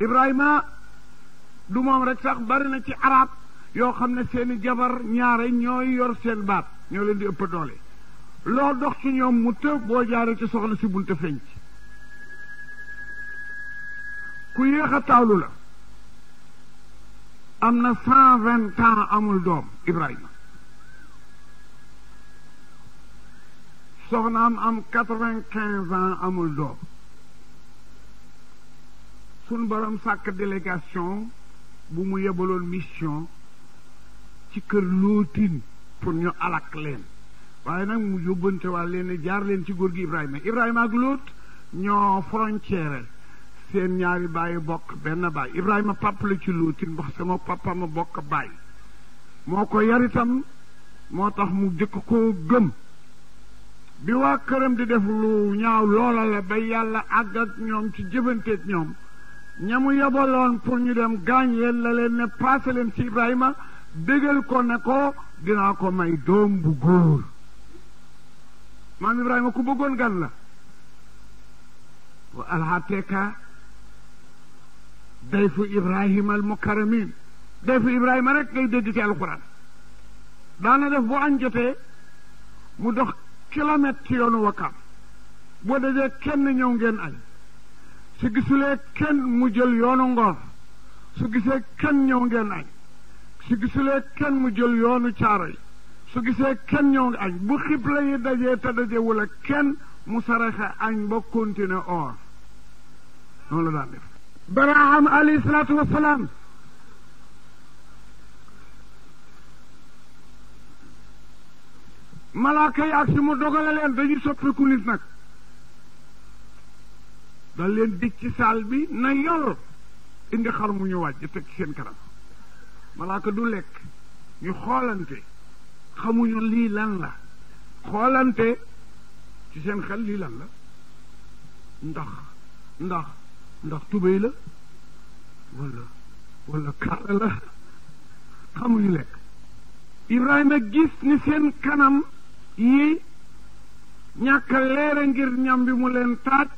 ibrahima du moom rek sax bari na ci arab yoo xam ne seeni i jabar ñaare ñooy yor seen baat ñoo leen di ëpp doole loo dox ci ñoom mu tëb boo jaaree ci soxna si bunte fenc ku yéex a la am na cent amul doom Ibrahima soxnaam am quatre vingt quinze amul doom sun borom sàkk délégation bu mu yebaloon mission ci kër lootin pour ñu alak leen waaye nag mu yóbbante waa leen jaar leen ci góor gi ibrahima ibrahima ak loot ñoo frontière seen ñaari bàyyi bokk benn bàyyi ibrahima pap la ci lootin wax sama papa ma bokk bàyyi moo ko yaritam moo tax mu jëkk koo gëm bi waa këram di def lu ñaaw loola la ba yàlla àgg ak ñoom ci jëfanteeg ñoom ñamu yabaloon pour ñu dem gaañ leen la leen ne passé leen ci ibrahima bégal ko ne ko dinaa ko may doom bu góor maam Ibrahima ku bëggoon gan la wa alxateeka dayfu Ibrahima al mukaramin dayfu Ibrahima rek ngay dégg ci alquran daana def bu añ mu dox kilomètre ci yoonu wakkaam boo dajee kenn ñëw ngeen añ su gisulee kenn mu jël yoonu ngor su gisee kenn ñëw ngeen añ su gisulee kenn mu jël yoonu caaro yi su gisee kenn ñoo ngi añ bu xibla yi dajee te daje wala kenn mu saraxe añ ba continuer or noonu la daan def baraam alayhi salaatu wassalaam malaaka yi ak si mu dogale leen dañuy soppiku nag dal leen dig saal bi na yor indi xar mu ñu wàjj teg ci kanam malaaka du lekk ñu xoolante xamuñu lii lan la xoolante ci seen xel lii lan la ndax ndax ndax tubéy la wala wala kaala la xamuñu lekk Ibrahima gis ni seen kanam yi ñàkk leere ngir ñam bi mu leen taaj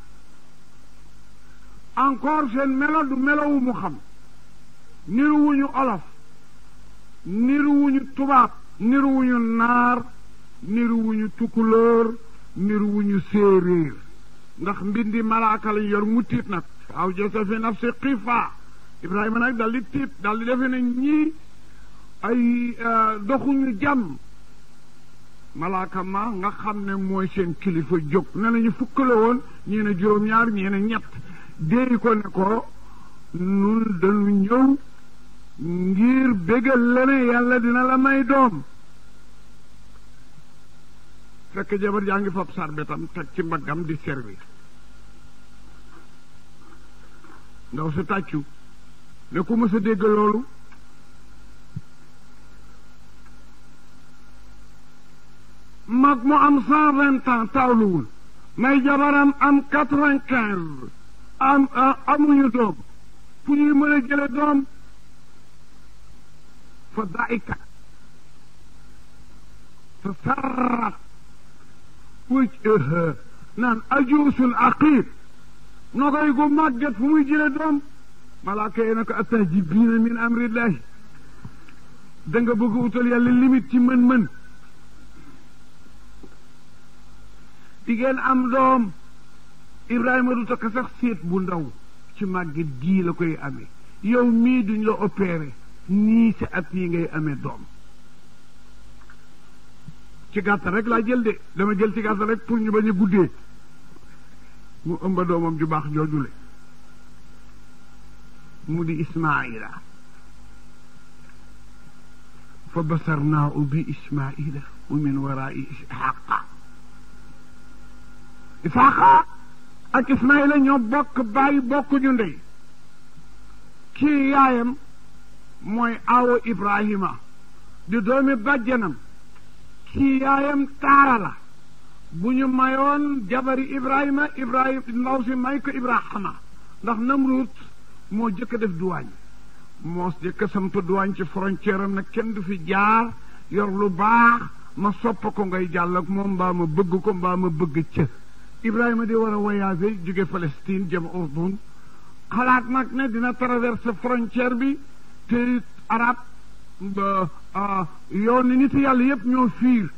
encore seen melo du melowu mu xam niruwuñu olof niruwuñu tubaab niruwuñu naar niruwuñu tukulóor niruwuñu séeréer ndax mbindi malaaka lañ yor mu tiit nag waaw jasa fi nafsi xiifa ibrahima nag dal di tiit dal di defe ne ñii ay euh, doxuñu jàmm malaaka ma nga xam ne mooy seen kilifa jóg ne nañu fukk la woon ñee juróom-ñaar ñee ñett déey ko ne ko nun dañu ñëw ngir bégal la yàlla dina la may doom fekk jabar jaa ngi fab sarbetam teg ci mbaggam di servi ndaw sa tàccu ne ku mës a dégg loolu mu am cent vingt ans taawluwul may jabaram am quatre-vingt-quinze amuñu doom fu ñuy mën jële doom فضائك تصرف وجهه نان أجوس يقول ما قد مجد فمي جلدهم ملاك انك اتعجبين من امر الله دنك بغو اوتال يالا من من تيجي ام دوم إبراهيم رو takk sax seet bu ndaw ci لكي أمي يومي koy amee nii ci at yi ngay amee doom ci gàttal rek laa jël de dama jël ci gàttal rek pour ñu bañ a guddee mu ju baax joojule mu di ismaila fa basarnaahu bi ismaila wa min waraai isxaqa isxaqa ak ismaila ñoo bokk bàyyi bokk ñu kii yaayam mooy awo ibrahima di doomi bàjjanam kii yaayam taara la bu ñu mayoon jabari ibrahima ibrahim ndaw si may ko ibrahima ndax namruut moo jëkk def duwaañ moo jëkk samp duwaañ ci frontière am kenn du fi jaar yor lu baax ma sopp ko ngay jàll ak moom mbaa ma bëgg ko mbaa ma bëgg ca ibrahima di war a voyager jóge Palestine jëm Urdun xalaat nag ne dina traverser frontière bi téere arab yoon ni nit yàlla yëpp ñoo fiir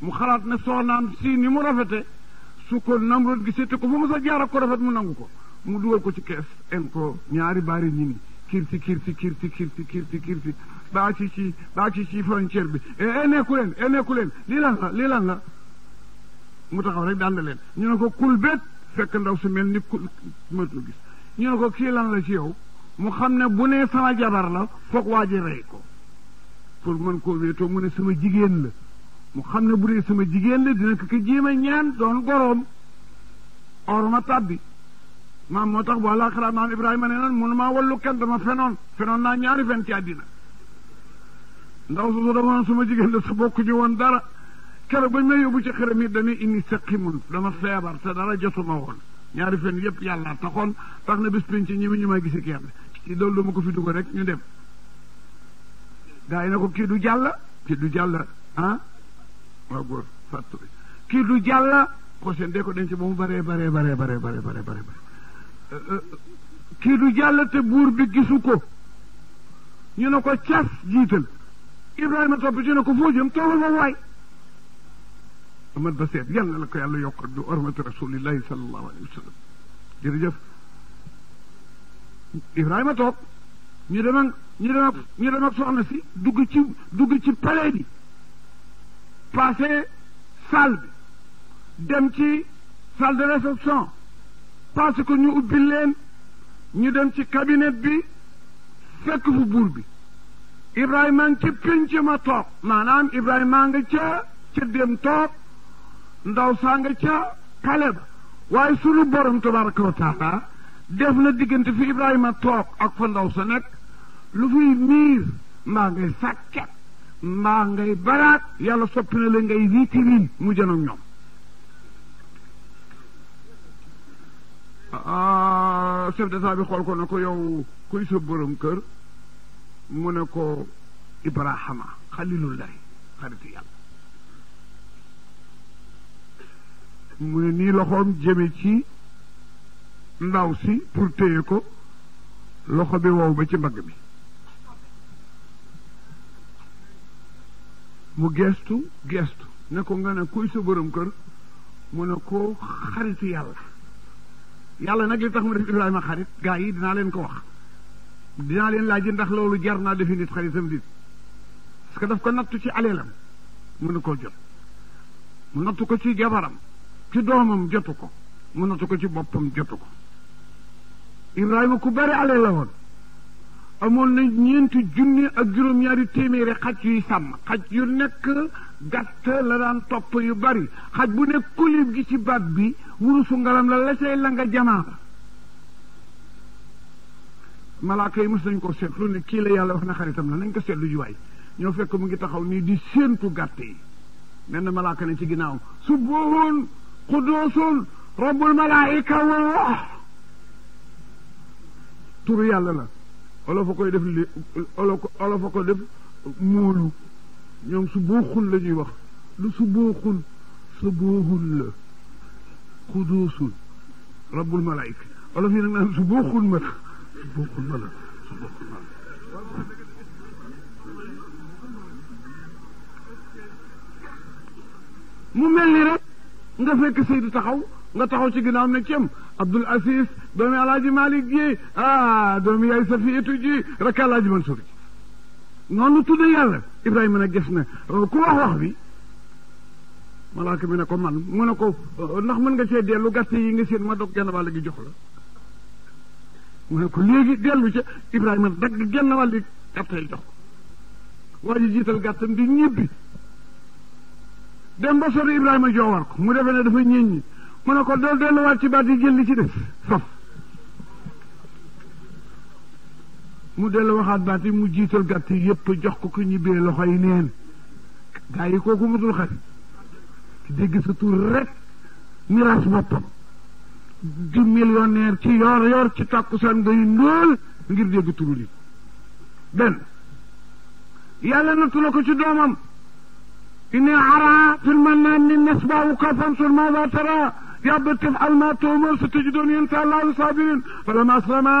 mu xalaat ne soxnaam si ni mu rafete su ko Namrud gisee te ko fu mu sa jaar ko rafet mu nangu ko mu dugal ko ci kees en ko ñaari baari ñi ni kirti kirti kirti kirti kirti kirti baa ci ci baa ci ci frontière bi e, e nekku leen e leen lii lan la lii la mu taxaw rek daan leen ñu ne ko kulbet fekk ndaw su mel ni ku mënatu gis ñu ne ko kii la ci yow mu xam ne bu ne sama jabar la foog waaji rey ko pour mën koo wéetoo mu ne sama jigéen la mu xam ne bu dee sama jigéen la dina ko ko jéem a ñaan doon goroom orma tàbbi maam moo tax bu àllaaxira maam Ibrahima nee noon mënu maa wallu kenn dama fenoon fenoon naa ñaari fen ci àddina ndaw su su dama sama jigéen la sa bokk ji woon dara keroog bañ ma yóbbu ci xërëm yi dañuy indi saqimun dama feebar te dara jotuma woon ñaari fen yëpp yàlla taxoon tax na bis pinc ñi mi ñu may gisi kenn ci loolu lu ma ko fi dugal rek ñu dem gaa yi na ko kii du jàll kii du jàll ah waaw góor kii du jàll prochaine de ko denc ba mu baree bare baree baree baree baree baree euh, euh, kii du jàll te buur bi gisu ko ñu ne ko cas jiital Ibrahima topp ci na ko foo jëm toogal ma waay amat ba seet yàlla la ko yàlla yokk du hormati rasulillahi sallallahu alayhi wa sallam jërëjëf Ibrahima toog ñu dem soxna si dugg ci dugg ci palais bi passé salle bi dem ci salle de réception ko ñu ubbi leen ñu dem ci cabinet bi fekk fu buur bi Ibrahima ngi ci pénc ma toog maanaam Ibrahima nga ca ca dem toog ndaw saa nga ca palais ba waaye sunu borom tabaraka wa def na diggante fi Ibrahima toog ak fa ndaw sa lu fiy miir mbaa ngay sàkket mbaa ngay baraat yàlla soppi na ngay vitrine mu ja ak ñoom ah, chef d'état bi xool ko na ko yow kuy sa kër mu ne ko Ibrahima xalilullahi xariti yàlla mu ne nii loxoom jëme ci ndaw si pour ko loxo bi wow ba ci mbagg bi mu geestu geestu ne ko nga ne kuy sa borom kër mu ne ko xaritu yàlla yàlla nag li tax ma def Ibrahima xarit gaa yi dinaa leen ko wax dinaa leen laaj ndax loolu jar naa defi nit xaritam dit parce que daf ko nattu ci aleelam ne koo jot mu nattu ko ci jabaram ci doomam jotu ko mu nattu ko ci boppam jotu ko Ibrahima ku bari alal la woon amoon na ñeenti junni ak juróom-ñaari téeméeri xaj yuy sàmm xaj yu nekk gàtt la daan topp yu bari xaj bu nekk kulib gi ci baat bi wurusu ngalam la la cay la nga jamaa malaaka yi mos nañ ko seetlu ne kii la yàlla wax na xaritam la nañ ko seetlu juwaay ñoo fekk mu ngi taxaw nii di séentu gàtt yi na malaaka ne ci ginnaaw su boowoon xudoosoon rabbul malaayika wa turu yàlla la wala fa koy def li wala fa ko def mulu ñoom su booxun la ñuy wax lu su booxun su booxun la xudoosul rabbul malaayika wala fi nak naan su booxun ma la su booxun ma la su booxun ma mu melni rek nga fekk Seydou taxaw nga taxaw ci ginaaw ne Abdul Asis doomi alaaji Malik ji ah doomi yaay Safiyatu ji rek alaaji Mansour ji noonu tudd yàlla Ibrahima nag gis na euh, ku wax wax bi malaaka mi ne ko man mu ko euh, ndax mën nga cee dellu gàtt yi nga seen ma dog genn wàll gi jox la mu ne ko léegi dellu ca Ibrahima dagg genn wàll gi gàtt yi jox waa ji jiital gàttam di ñibbi dem ba sori Ibrahima joowar ko mu defee ne dafa ñeeñ ñi mu ko dool delluwaat ci ci des faf mu dellu waxaat baat yi mu jiital gàtt yi yépp jox ko ko ñibbee loxo yi neen gaa yi kooku mutul xel ci dégg sa tur rek miraas boppam di millionnaire ci yoor yoor ci tàkkusaan ngay ndóol ngir dégg turu li benn yàlla nattu na ko ci doomam inni araa fil mannaani nasba u kafan sul ma wa tara رب تفعل ما تؤمر ستجدني الله صابرين فلما اسلما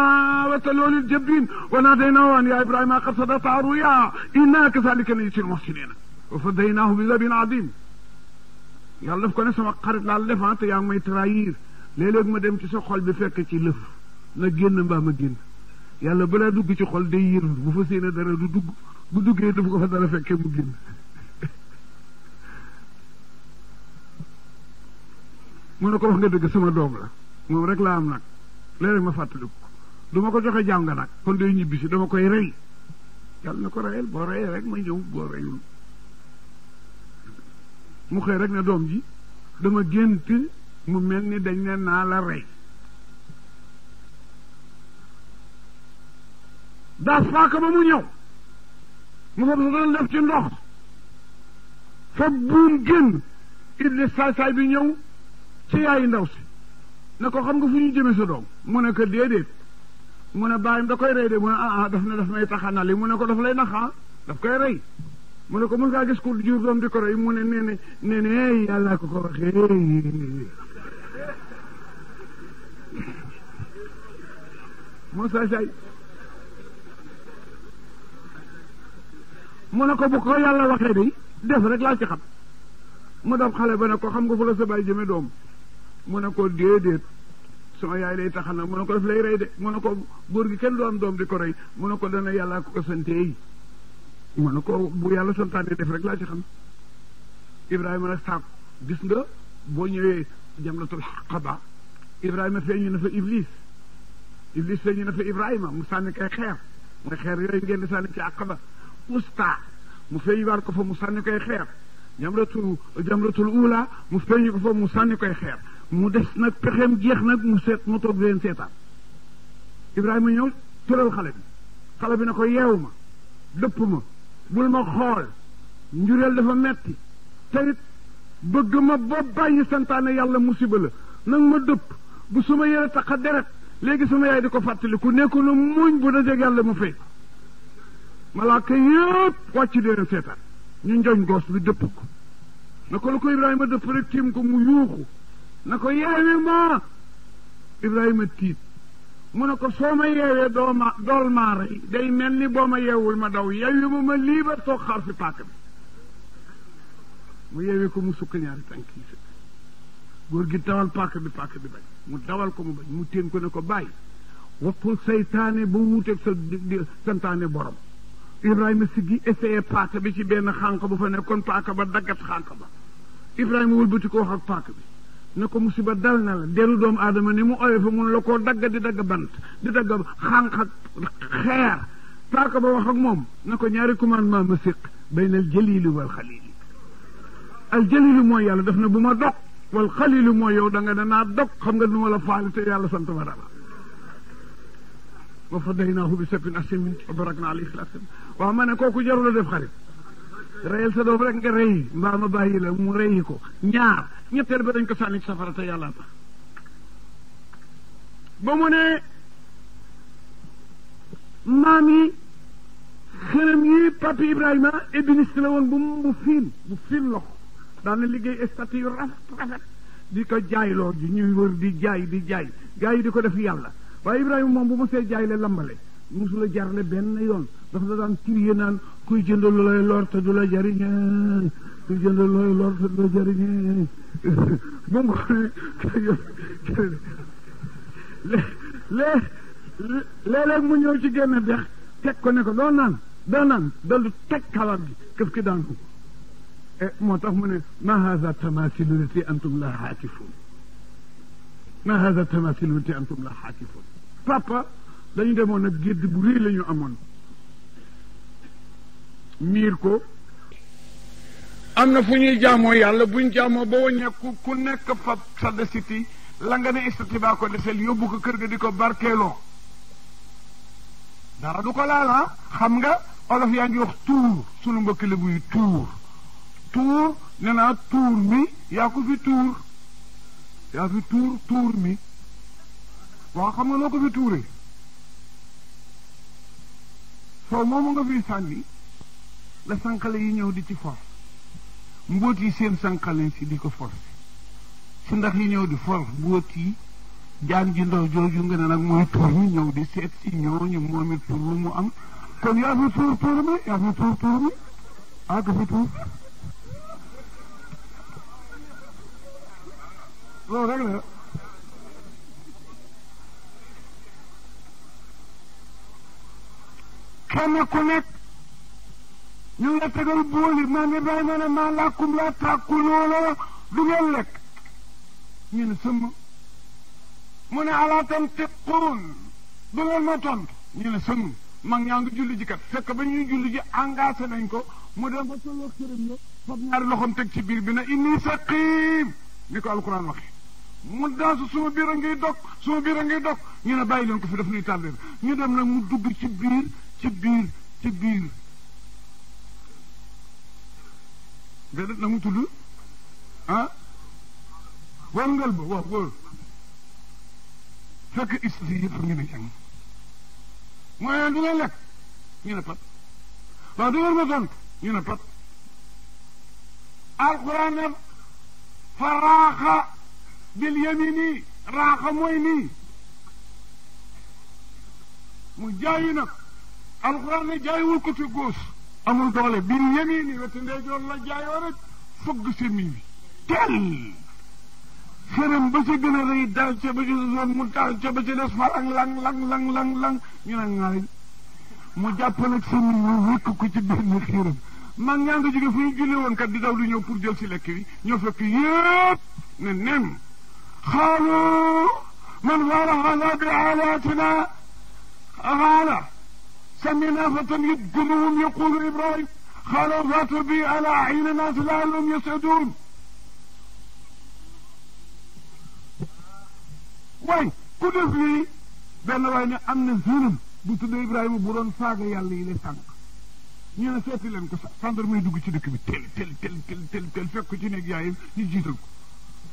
وتلوا للجبين وناديناه ان يا ابراهيم قد صدقت رؤيا انا كذلك نجزي المحسنين وفديناه بذب عظيم يالف كون سما قرب لالف انت يا مي ترايير léeg-léeg ma dem ci sa xol تي لف لا lëf با ما mbaa يالا بلا دوجي balaa dugg ci xol day yërëm bu fa séene dara du dugg bu duggee mun ne ko wax nga dëgg sama doom la moom rek laa am nag léeg ma fàttaliku du ma ko joxe jàmm nga nag kon ñibbi si dama koy rey yàlla na ko reyal boo reyee rek ma ñëw boo reyul mu xëy rek ne doom ji dama gént mu mel ni dañ ne naa la rey daas faaka ba mu ñëw mu fab sa doon ci ndox fab buum génn iblis saay saay bi ñëw ci yaayu ndaw si na ko xam nga fu ñu jëme sa doom mu ne ko déedéet mu ne bàyyam da koy rey de mu ne ah, ah ne ko daf lay naxaa ah, daf koy rey mu ne ko mën ngaa gis ku jur doom di ko rey mu ne nee ne ko ko waxee moo saay saay mu ne ko bu ko yàlla waxee de def rek laa ci xam mu dam xale ba ne ko xam nga fu la sa bàyyi jëme doom mu ne ko déedéet sama yaay lay taxana mu ko daf lay rey de mu ko góor gi kenn du am doom di ko rey mu ne ko dana yàllaa ko ko santeey mu ko bu yàlla santaane def rek laa ci xam ibrahima nag saako gis nga boo ñëwee jamratul xaqaba ibrahima feeñu na fa iblis iblis feeñu na fa ibrahima mu sànni koy xeer mooy xeer yooyu ngeen di sànni ci àqaba usta mu feeñu waar ko fa mu sànni koy xeer jamratul jamratul ula mu feeñu ko fa mu sànni koy xeer mu des nag pexeem jeex nag mu seet mu toog leen seetaan Ibrahima ñëw tëral xale bi xale bi na ko yeewu ma dëpp ma bul ma xool njureel dafa metti teyit bëgg ma boo bàyyi santaane yàlla musiba la nag ma dëpp bu suma yére tax a deret léegi ma yaay di ko fàttaliku ku nekku na muñ bu dajeeg yàlla mu fay malaaka yëpp wàcc di leen seetaan ñu njoñ goos bi dëpp ko na ko lu ko Ibrahima dëpp rek tiim ko mu yuuxu na ko yeewi ma ibrahima tiit mu ne ko soo ma yeewee doo ma dool maa rey day mel ni boo ma yeewul ma daw yeewi ma ma liibar toog xaar fi paaka bi mu yeewee ko mu sukk ñaari tànk yi sëkk góor gi dawal paaka bi paaka bi bañ mu dawal ko mu bañ mu téen ko ne ko bàyyi waxul saytaane ba wuuteeg sa santaane borom ibrahima si gi essayé paaka bi ci benn xànq bu fa nekkoon paaka ba daggat xànq ba ibrahima wëlbati ko wax ak paaka bi نكو مصيبة دالنا ديرو دوم آدم نمو أوي فمون لكو دقة دي دقة بنت دي دقة خانقة خير تاكا بوا حق موم نكو نياري كمان ما مسيق بين الجليل والخليل الجليل مو يالا دفنا بما دق والخليل مو يو دنگا دنا دق خم غد نوالا فالي تي يالا سنتو مرابا وفدهناه بسكن أسيم وبركنا عليه خلاسم وامانا كوكو جارو لدف خريب reyal sa doom rek nga rey mbaa ma bàyyi la mu reyi ko ñaar ñetteel ba dañ ko sànni ci safara te yàlla tax ba mu ne maam yi xërëm yi papi Ibrahima ébéniste woon bu mu fiin bu fiin loxo daana liggéey statue yu rafet rafet di ko jaayloo ji ñuy wër di jaay di jaay gars yi di ko def yàlla waaye Ibrahima moom bu mosee jaay le lambale mosula jarle benn yoon dafa la daan crier naan kuy jënd lu lay lor te du la jariñe kuy jënd lu lay lor te la jariñe moom lée mu ñëw ci génn dex teg ko ne ko doo naan doo naan daldu teg kawar gi këf ki daan ko eh, ne ma haza tamasilu lati antum la xaatifun ma haza tamasilu lati antum la xaatifun papa demoon nag gédd bu rëy la ñu amoon miir ko am na fu ñuy jaamoo yàlla buñ jàmmoo ba wàññeeku ku nekk fab sa desiti la nga ne istati baa yóbbu ko kër ga di ko barkeeloo dara du ko laala ah. xam nga olof yaa ngi wax tuur sunu mbokki la buy tuur tuur nee naa tuur mi yaa ko fi tuur yaa fi tuur tuur mi waaw xam nga loo ko fi tuure soo moomu nga fi sànni la sànqale yi ñëw di ci force mbóot yi seen sànqale si di ko force si ndax yi ñëw di force mbóot yi jaan ji ndaw jooju nga ne nag mooy tuur mi ñëw di seet si ñooñu moom tuur lu mu am kon yaa fi tuur tuur mi yaa fi tuur tuur mi kenn ku ñu la tegal booli maam Ibrahima ne maa làkkum laa tàkkuloona du ngeen lekk ñu ne sëmm mu ne alaa tantiquun du ngeen ma ñu ne sëmm mag ñaa ngi julli jikat kat fekk ba ñuy julli ji engagé nañ ko mu dem ba tolloog sërëm la fab teg ci biir bi na inni saqiim ni ko alquran waxee mu daasu suma biir a ngiy dog suma biir a ngiy ñu ne bàyyi leen ko fi def nuy tàlleer ñu dem nag mu dugg ci biir ci déedéet na mu tudd ah wóorngal ba waaw wóor fekk isti yëpp ngi ne jàng mooy leen du ngeen lekk ñu ne pat waaw du ma tont ñu ne pat alquran ne fa raaxa bil yamini raaxa mooy nii mu jaayi nag alquran ne jaayiwul côté gauche amul doole bi ñu yemee ni wetu ndeyjoor la jaayoo rek fogg semi bi a rëy dal ca ba ca zone mu dal ca ñu ne ngaay mu jàppal ak semi ñu nga daw di ñëw pour jël si lekk bi ñoo fekk yëpp ne سمعنا فتى يذكرهم يقول إبراهيم قال لا بي على عين الناس لعلهم ku def lii benn waay ne am na zulum bu tudd Ibrahima bu doon saaga yàlla yi lay sànq ñu leen ko sax mu muy dugg ci dëkk bi tel tel tel fekk ko ci néeg yaayam ñu jiital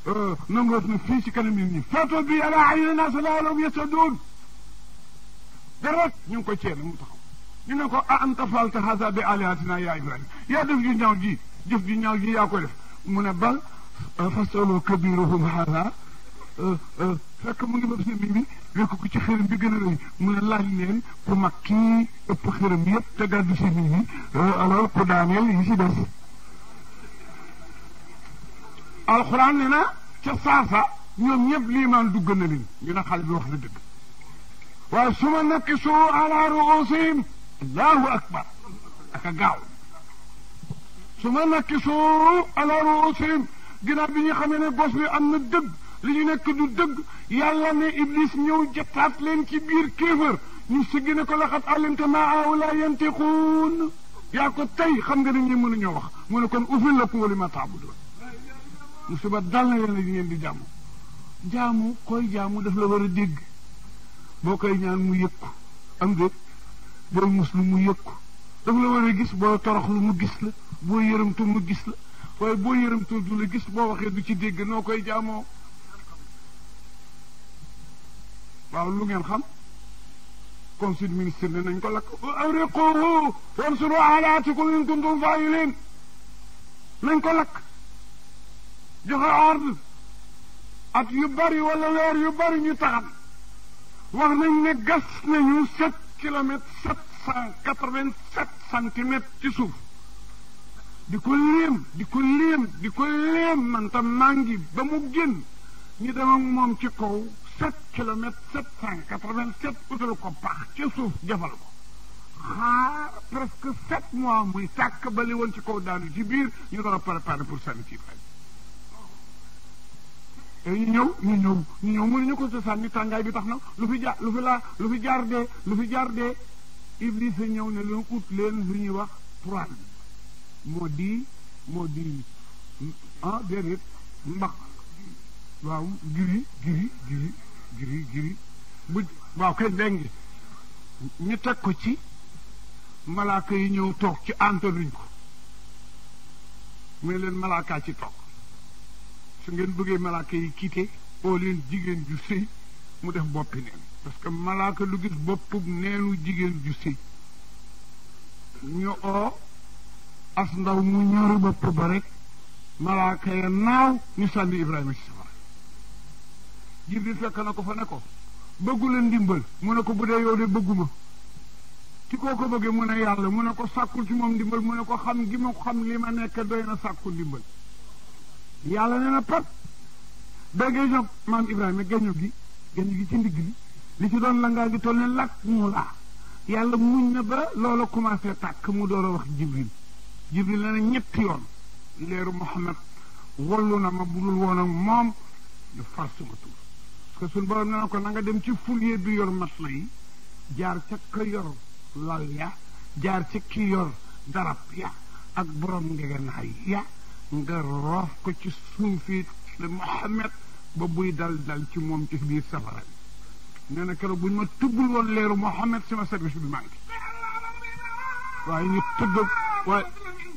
ko nangoos na fii ci kanam nit ñi bi ala ayna nas laalum yasadun dara ñu ngi ko ceene mu taxaw ñu ne ko a ah, anta faalta haza bi alihatina yaa ibrahima yaa def ju ñaaw ji jëf ju ñaaw ji yaa ko def mu ne bal eh, fasalu kabiruhum haza eh, eh, fekk mu ngi bëgg seen bi bi wekk ko ci bi gën a mu ne laaj leen ku mag kii ëpp xërëm yëpp te gàddu seen bi bi alors ku daaneel ne na ca saasa ñoom ñëpp liimaan dugg na leen ñu ne xale bi wax na ma nakki soo ala ruusihim allahu akbar aka gaaw su ma nakki soo ala ruusin ginnaaw bi ñu xamee ne bos bi am na dëgg li ñu nekk du dëgg yàlla ne iblis ñëw jataat leen ci biir kéefër ñu siggi ne ko laxat alimta maa aawla yantiquun yaa ko tey xam nga ne ñi mënuñoo wax mu ne kon ufil lakum wa lima taabudoon musiba dal na leen la ñu ngeen di jàmm jaamu koy jaamu daf la war a dégg boo koy ñaan mu yëg am déet booy muslu mu yëg ko daf la war a gis booy toroxlu mu gis la boo yërëmtu mu gis la waaye boo yërëmtu du la gis boo waxee du ci dégg noo koy jaamoo waaw lu ngeen xam comme suñu ministre ne nañ ko lakk awriquhu wansuru alaatikum in kuntum faa'ilin nañ ko lakk joxe ordre at yu bari wala weer yu bari ñu taxam wax nañ ne gas nañu set kilomètre sept cent quatre-vingt-sept ci suuf di ko léem di ko léem di ko léem man ba mu génn ñu dem moom ci kaw sept kilomètres sept cent quatre-vingt-sept utal ko pax ci suuf jafal ko xaar presque sept mois muy tàkk ba li woon ci kaw daanu ci biir ñu door a préparé pour sànni ñu ñëw ñu ñëw mënuñu ko sosaan ni tàngaay bi tax na lu fi jaar lu fi laa lu fi jaar dee lu fi jaar ñëw ne leen ut leen lu ñuy wax trois moo di moo di ah déedéet mbax waaw giri giri giri giri giri bu waaw kay léegi ñu teg ko ci malaaka yi ñëw toog ci antaluñ ko mu leen malaakaa ci toog su ngeen bëggee malaaka yi kiite oo leen jigéen ju sëy mu def boppi neen parce que malaaka lu gis boppub neenu jigéen ju sëy ñu oo as ndaw mu ñaari bopp ba rek malaaka ya naaw ñu sànni ibrahima ci safara jibril fekk na ko fa ne ko bëggu la ndimbal mu ne ko bu dee yow de bëgguma ci koo ko bëggee mu ne yàlla mu ne ko sàkkul ci moom ndimbal mu ne ko xam gi ma xam li ma nekk doy na sàkku yàlla nee na pat ba géejog maam Ibrahima géñu gi géñu gi ci ndigg li li ci doon langaa gi toll ne làkk mu laa yàlla muñ na ba loola commencé tàkk mu door a wax jibril jibril la na ñetti yoon leeru Muhammad wallu na ma budul woon ak moom ñu far suma tur parce que suñ borom nee na ko na nga dem ci fulier bi yor matelas yi jaar ca ka yor lal ya jaar ci ki yor darab ya ak borom ngegenaay ya nga roof ko ci le mohammed ba buy dal dal ci mom ci biir safara nee na buñ ma tubbul won leeru mohammed sama service bi mangi way ñu tudd way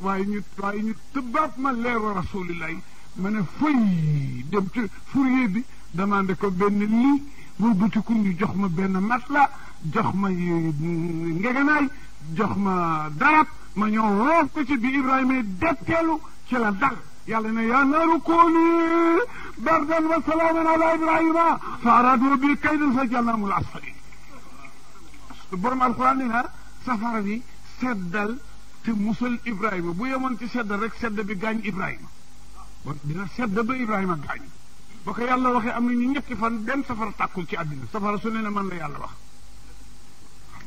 waaye ñu waaye ñu tëbbaat ma leeru rasulillah mané fay dem ci fourier bi demandé ko ben benn bu wal ku ñu jox ma ben matla jox ma ngegenaay jox ma darab ma ñoo roof ko ci bi Ibrahima deppeelu ci la dal yàlla ne yaa naaru bardan wa salaaman ala ibrahima fa aradu bi kaydan fa jàlnamu l asfali borom alquran ni na safara bi seddal te musal ibrahima bu yemoon ci seddal rek sedd bi gaañ ibrahima bon dina sedd ba ibrahima gaañ ba yàlla waxee am na ñu ñetti fan benn safara tàkkul ci àddina sa su ne man la yàlla wax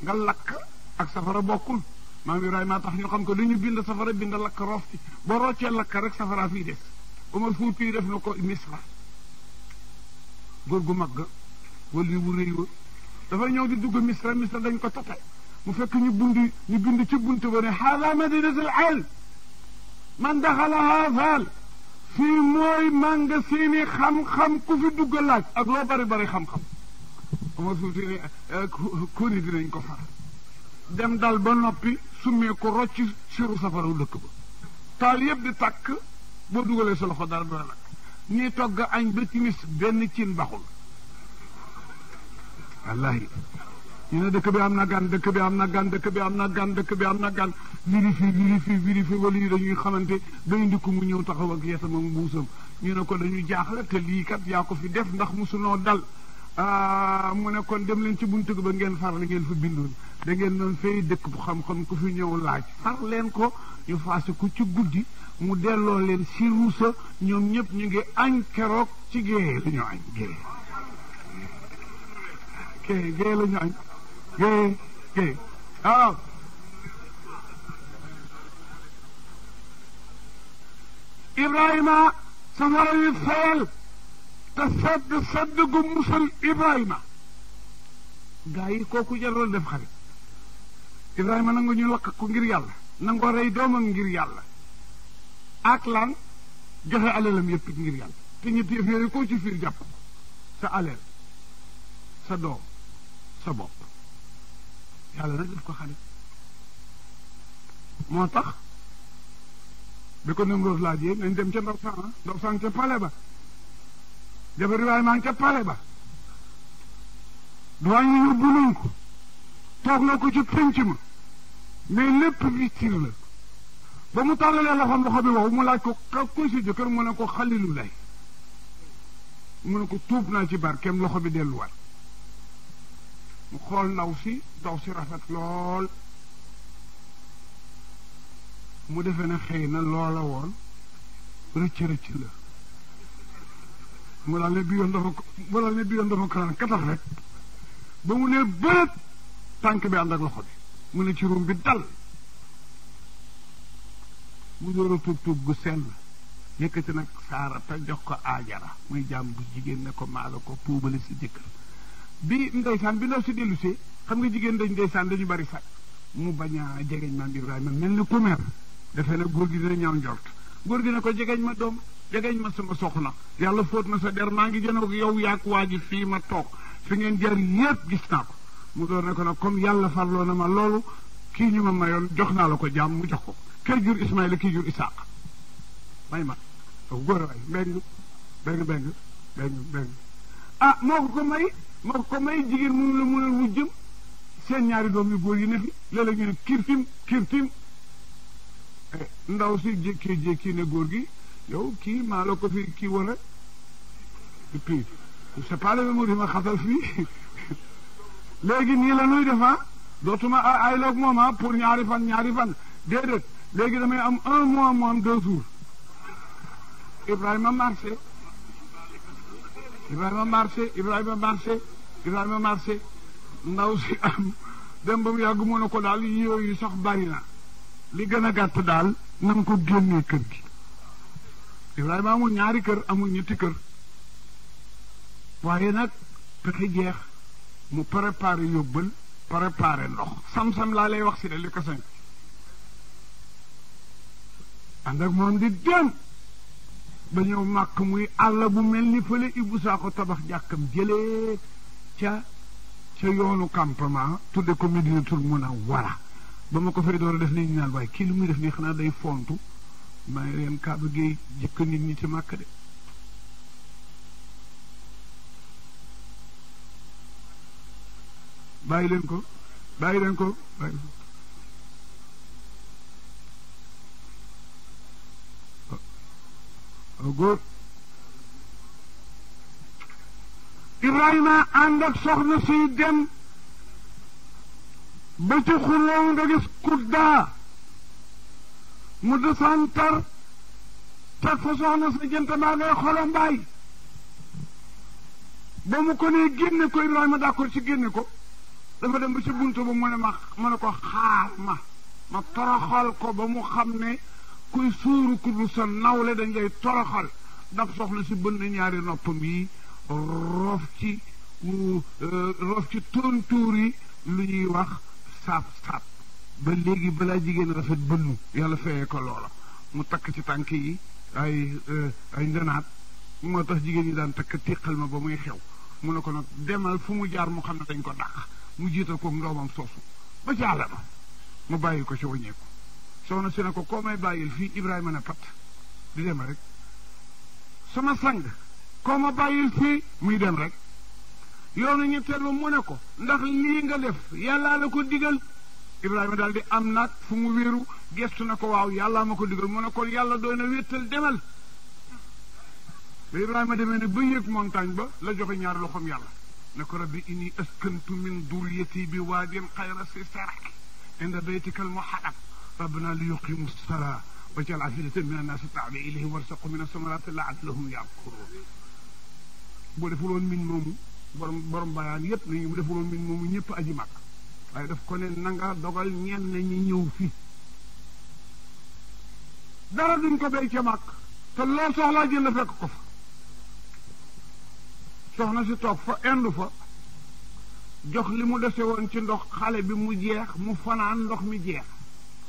nga lakk ak safara bokkul maam Ibrahima tax ñu xam ko lu ñu bind safara bind lakk roof ci boo roccee lakk rek safara fii des Omar Fuuti def na ko misra góor gu mag ga wala yu réy wa dafa ñëw di dugg misra misra dañ ko tata mu fekk ñu bundi ñu bind ci buntu ba ne haala madinatul ilm man daxalaha faal fii mooy mànga seeni xam-xam ku fi dugg laaj ak loo bari bari xam-xam Omar Fuuti ne kóoni dinañ ko far dem dal ba noppi summee ko rocc siru safaraw dëkk ba taal yëpp di takk boo dugale sa loxo dara dana lakk nii togg añ ba timis benn cin baxul wallahi ñu ne dëkk bi am na gan dëkk bi am na gan dëkk bi am na gan dëkk bi am na gan vérifié vérifié vérifié wala yi dañuy xamante ba dikku mu ñëw taxaw ak yeesam ak buusam ñu ne ko dañu jaaxle te lii kat yaa ko fi def ndax musunoo dal Ah, mu ne kon dem leen ci buntu ba ngeen far li ngeen fa bindoon da ngeen doon fay dëkk bu xam-xam ku fi ñëw laaj far leen ko ñu faase ko ci guddi mu delloo leen si ruusa ñoom ñëpp ñu ngi añ keroog ci géeye la ñu añ géeye géeye géeye la ñu añ ah! fayal te sedd sedd gu musal yi kooku jarul def xarit Ibrahima nangu ñu lakk ko ngir yàlla nangoo rey doomam ngir yàlla ak lan joxe yëpp ngir yàlla te koo ci fiir jàpp sa alal sa doom sa bopp yàlla nag def ko xarit moo tax bi ko Namroos laajee nañ dem ca ndaw sa ah, ndaw sa ca pale ba jabaru waay maa ngi ca pale ba duwaañ yi yóbbu nañ ko toog na ko ci pénc ma mais lépp victime la ba mu tàllalee loxoom loxo bi wow mu laaj ko ka kuy si jëkkër mu ne ko xalilu lay mu ne ko tuub naa ci barkeem loxo bi delluwaat mu xool ndaw si ndaw si rafet lool mu defe ne xëy na loola woon rëcc la mu daal ne bi yoon dafa mu daal ne yoon dafa karaan katax rek ba mu ne bërët tànk bi ànd ak loxo bi mu ne ci ruum bi dal mu door tuub tuub gu sell yëkkati nag saara jox ko aajara muy jaam bu jigéen ne ko maa la ko puubale si jëkkër bi ndeysaan bi ndaw si dellusee xam nga jigéen dañ ndeysaan dañu bari sax mu bañ a jegeñ maam Ibrahima mel ni ku mer defe ne góor gi dina ñaaw njort góor gi ne ko jegeñ ma doom jegeñ ma sama soxna yàlla fóot na sa der maa ngi jënoog yow yaak waa ji fii ma toog fi ngeen jar yépp gis naa ko mu door ne ko nag yàlla farloo na ma loolu kii ñu ma mayoon jox naa la ko jàmm mu jox ko kër jur Ismaïla kii jur Isaaq may ma aw góor waay mbeng mbeng mbeng mbeng mbeng ah moo ko ko may moo ko ko may jigéen moom la mënal wu jëm seen ñaari doom yu góor yi ne fi léeg-léeg ñu ne kirtim kirtim eh, jékki ne góor gi yow kii maa la ko fi kii wala et puis c'est pas le ma xasal fii léegi nii la nuy defa ah? dootuma ah, ay loog moom ah pour ñaari fan ñaari fan déedéet léegi damay am mois mu am deux jours Ibrahima marché Ibrahima marché Ibrahima marché Ibrahima marché ndaw si am dem ba mu yàgg mu ko daal yooyu sax bari na li gën a gàtt daal na nga ko kër gi Ibrahima amul ñaari kër amul ñetti kër waaye nag pexe jeex mu préparé yóbbal préparé ndox sam laa lay wax si de li ko sañ ànd ak moom di dem ba ñëw màkk muy àll bu mel ni fële Ibou Sakho tabax jàkkam jëlee ca ca yoonu campement tudde ko Medinatul Munawwara ba ma ko fay door a def ni ñu naan waaye kii lu muy def nii xanaa day fontu may reen kaaba géey jëkk nit ñi ci màkk de bàyyi leen ko bàyyi leen ko bàyyi leen ko aw oh, oh, góor ibrahima ànd ak soxna siy dem ba ci xuloo nga gis kuddaa mu desoon tar teg fa soxna sa jënt baa ngay xolam ba mu ko nee génne ko Ibrahima d'accord ci génne ko dafa dem ba ci buntu ba mu ne ma mu ne ko xaar ma ma toroxal ko ba mu xam ne kuy suuru kudu sa nawle dañ lay toroxal daf soxna si bënn ñaari noppam yi roof ci euh, roof ci yi lu ñuy wax saab saab ba léegi balaa jigéen rafet bënnu yàlla feyee ko loola mu takk ci tànk yi ay euh, ay ndenaat moo tax jigéen ñi daan takk téqal ma ba muy xew mu ne ko nag demal fu mu jaar mu xam ne dañ ko dàq mu jiital ko ndoomam soosu ba ci àll ba mu bàyyi ko ci wàññeeku soxna si ne ko koo may bàyyil fii Ibrahima ne pat di dem rek sama sang koo ma bàyyil fii muy dem rek yoonu ñetteel ba mu ne ko ndax lii nga def yàllaa la ko digal ibrahima daldi di am nag fu mu wiru gestu nako waw yàlla mako digal mu ne yàlla doy na wéttal demal ba ibrahima demee ne ba yëg montagne ba la joxe ñaari loxoom yàlla nako rabbi inni askantu min duriyati bi wadin khayra si sarak inda baytikal muharram rabbana li yuqimu salaa واجعل عافية من الناس تعبي إليه وارزقهم من الثمرات لعلهم يعقلون بو ديفولون من مومو borom borom bayaan yépp nañu defuloon min moomu ñëpp aji màkk waaye daf ko ne nanga dogal ñenn ñi ñëw fi dara duñ ko béy ca màkk te lool soxlaa jënd ko fa soxna si toog fa indu fa jox li mu dese woon ci ndox xale bi mu jeex mu fanaan ndox mi jeex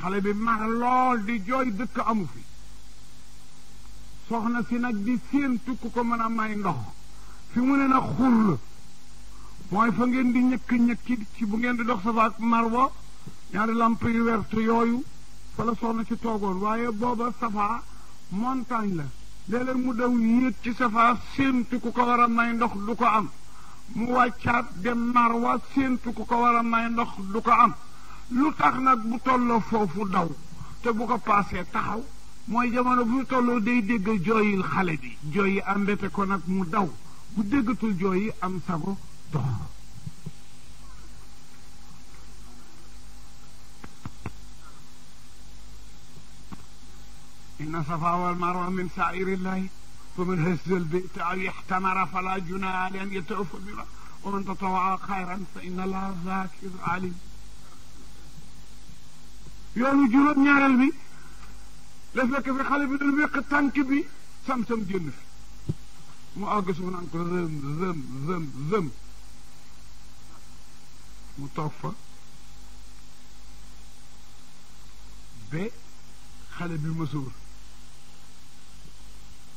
xale bi mar lool di jooy dëkk amu fi soxna si nag di séentu ku ko mën a may ndox fi mu ne na xur mooy fa ngeen di ñëkk ñëkki ci bu ngeen di dox Safa ak Marwa ñaari lamp yu werte yooyu fa la soxna si toogoon waaye booba Safa montagne la léeg-léeg mu daw yéeg ci Safa séentu ku ko war may ndox du ko am mu wàccaat dem Marwa séentu ku ko war may ndox du ko am lu tax nag bu tolloo foofu daw te bu ko paasee taxaw mooy jamono bu tolloo day dégg jooyil xale bi jooyi ambete ko nag mu daw bu déggatul jooyi am sago إن صفا والمروة من سعير الله فمن هز البئت أو يحتمر فلا جنى أن يتوفى بما ومن تطوع خيرا فإن الله ذاكر عليم يوم جنوب نار البي لفك في خليفة بن البيق التانك بي سمسم جنف مؤقس من أنك ذم ذم ذم زم mu toog fa be xale bi mësuur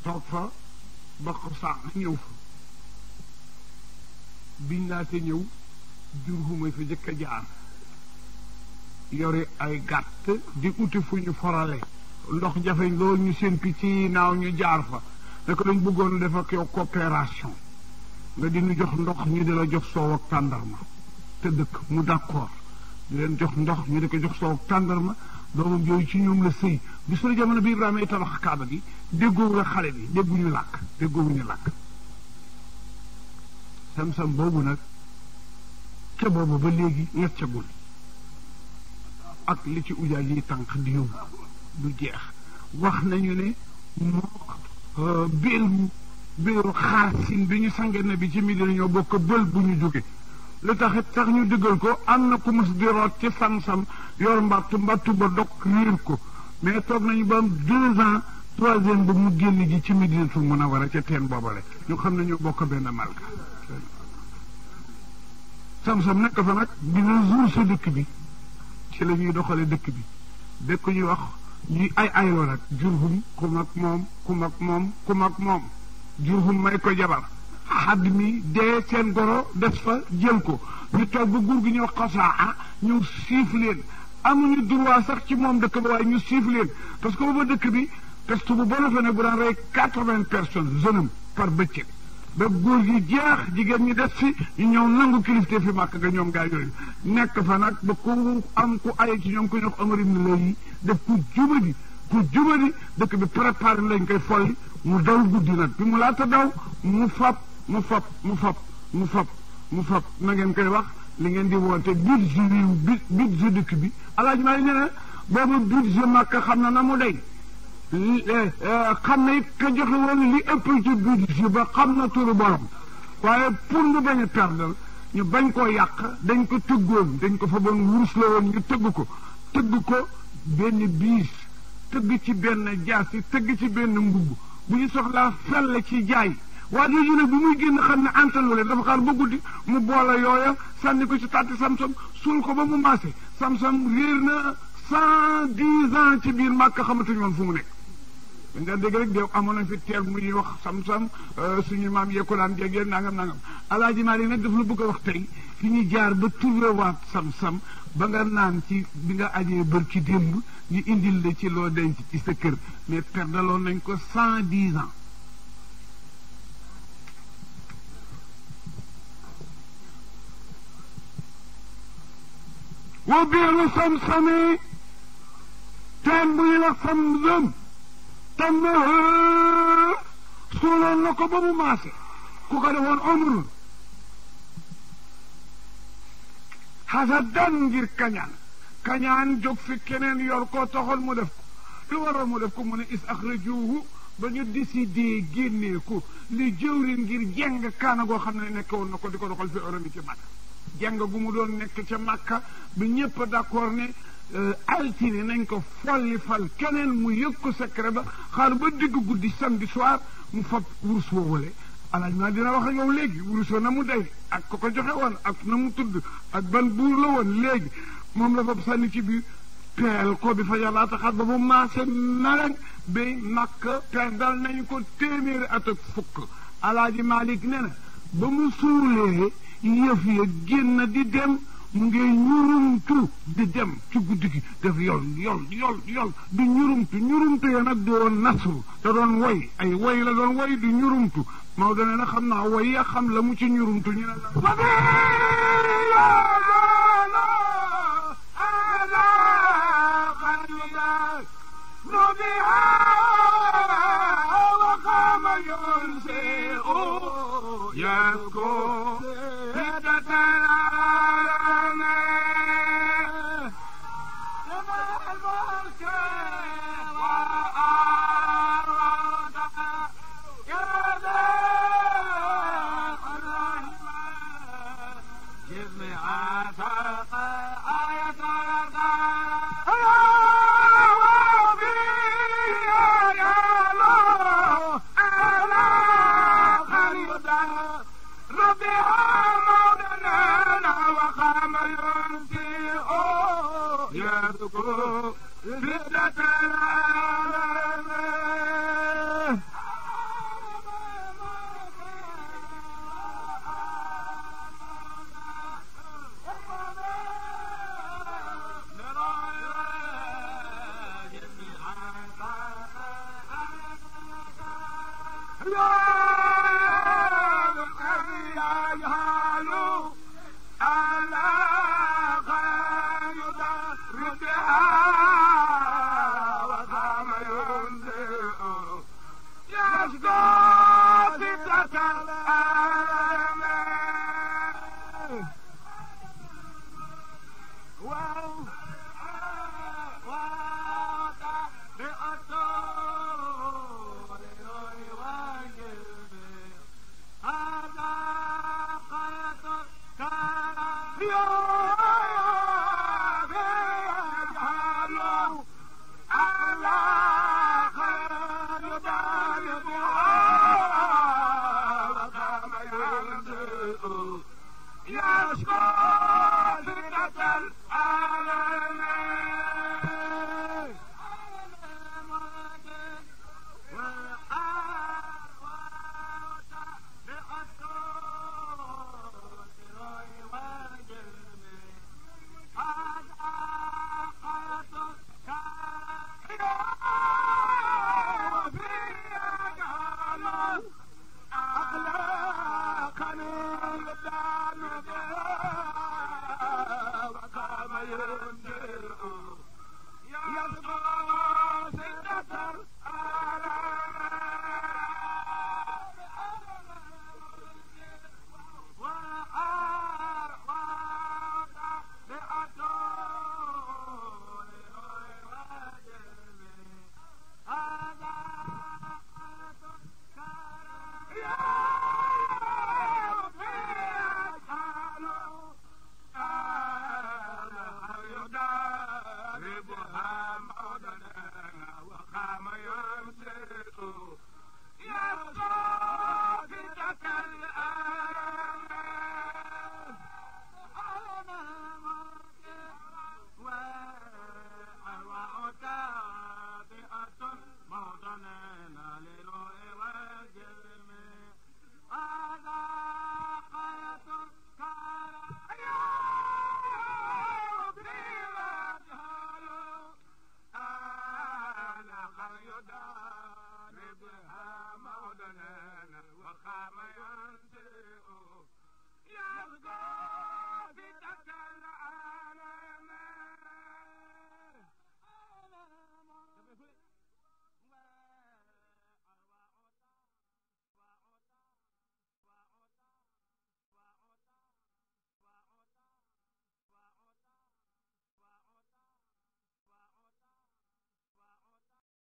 toog fa ba ko sàq ñëw fa biñ laata ñëw jur gu fa jëkk a jaar yore ay gàtt di uti fu ñu forale ndox jafeñ loolu ñu seen picc yi naaw ñu jaar fa da dañ bëggoon def ak yow coopération nga di ñu jox ndox ñu dina la jox soow ak tàndarma te dëkk mu d'accord di leen jox ndox ñu di ko jox soow tàndarma doomam yooyu ci ñoom la sëy bi sunu jamono bi Ibrahima ay tabax kaaba gi déggoo nga xale bi dégguñu làkk déggoowuñu làkk sam-sam boobu nag ca boobu ba léegi ñeccagul ak li ci ujaay yi tànk di yóbbu du jeex wax nañu ne moo euh, béeru béeru xaar sin bi ñu sange na bi ci mi dina ñoo bokk bël bu ñu jóge li taxit tax ñu dëggal ko am na ku mës di root ci sam-sam yor mbattu mbattu ba dog riir ko mais toog nañu ba am deux ans troisième ba mu génn ji ci a Munawara ca teen boobale ñu xam ne ñu bokk benn malka sam-sam nekk fa nag dina jour sa dëkk bi ci la ñuy doxale dëkk bi dëkk ñuy wax ñuy ay ayloo nag jurhum ku mag moom ku mag moom ku mag moom jurhum may ko jabar xadd mi dee seen goro des fa jël ko ñu toog ba guur gi ñëw xasaa ñu siif leen amuñu droit sax ci moom dëkk ba waaye ñu siif leen parce que booba dëkk bi peste bu bon fa ne bu daan rey quatre-vingts personnes jeune par bëccëg ba góor gi jeex jigéen ñi des fi ñu ñëw nangu kilifte fi màkk ga ñoom gaa yooyu nekk fa nag ba ku am ku aye ci ñoom ku ñox Omar ibn Lay def ku jubadi ku jubadi dëkk bi préparé lañ koy folli mu daw guddi nag bi mu laata daw mu fab mu fab mu fab mu fab mu fab na ngeen koy wax li ngeen di woote budget bi budget dëkk bi alaaji maa ngi nee na boobu budget Makka xam na na mu day eh, eh, xam na it ka joxe woon li ëpp ci budget ba xam na turu borom waaye pour ñu bañ a perdal ñu bañ koo yàq dañ ko tëggoon dañ ko fa boon wurus la woon ñu tëgg ko tëgg ko benn biis tëgg ci benn jaasi tëgg ci benn mbubb bu ñu soxlaa fell ci jaay waa jooju nag bi muy génn xam na antanu leen dafa xaar ba guddi mu boole yooya sànni ko ci tàtti samsom suul ko ba mu maase samsom réer na cent dix ans ci biir màkk xamatuñu woon fu mu nekk dañ daan dégg rek deew amoon nañ fi teer mu ñuy wax sam-sam euh, suñu maam yekku laan jegeen nangam nangam alaaji Maalik nag dafa la bëgg a wax tey fi ñu jaar ba turwewaat sam-sam ba nga naan ci bi nga ajee bër ci démb ñu indil la ci loo denc ci sa kër mais perdaloon nañ ko cent dix ans wa وبئر سمسم تنبيل سمزم تنبه سولون لكو بمو ماسي كوكا دفون عمر حسدا غير كنان كنان جوك في كنان يركو تخل مدفكو lu waral mu def ko mu ne is axrajuhu ba ñu décidé génnee ko li jëwrin ngir jeng kaana goo xam ne nekk woon na ko di ko doxal fi orami ci jàng gu mu doon nekk ca màkka ba ñépp d'accord ne euh, altine nañ ko folli fal keneen mu yëg ko secret ba xaar ba digg guddi samedi soir mu fab wurus woowale alaaj maa dina wax ak yow léegi wurus na mu day ak ko ko joxe woon ak na mu tudd ak ban buur la woon léegi moom la fab sànni ci bi peel ko bi fa yàlla taxaat ba mu maase naren bay màkk peel dal nañu ko téeméeri at ak fukk alaaji Malik ne na ba mu suulee yëf ya di dem mu ngi ñurumtu di dem ci guddi gi def yol yol yol yol di ñurumtu ñurumtu ya nasru te doon woy ay woy la doon woy di ñurumtu moo dana na xam naa woy ya xam la mu ci ñurumtu ñu ne la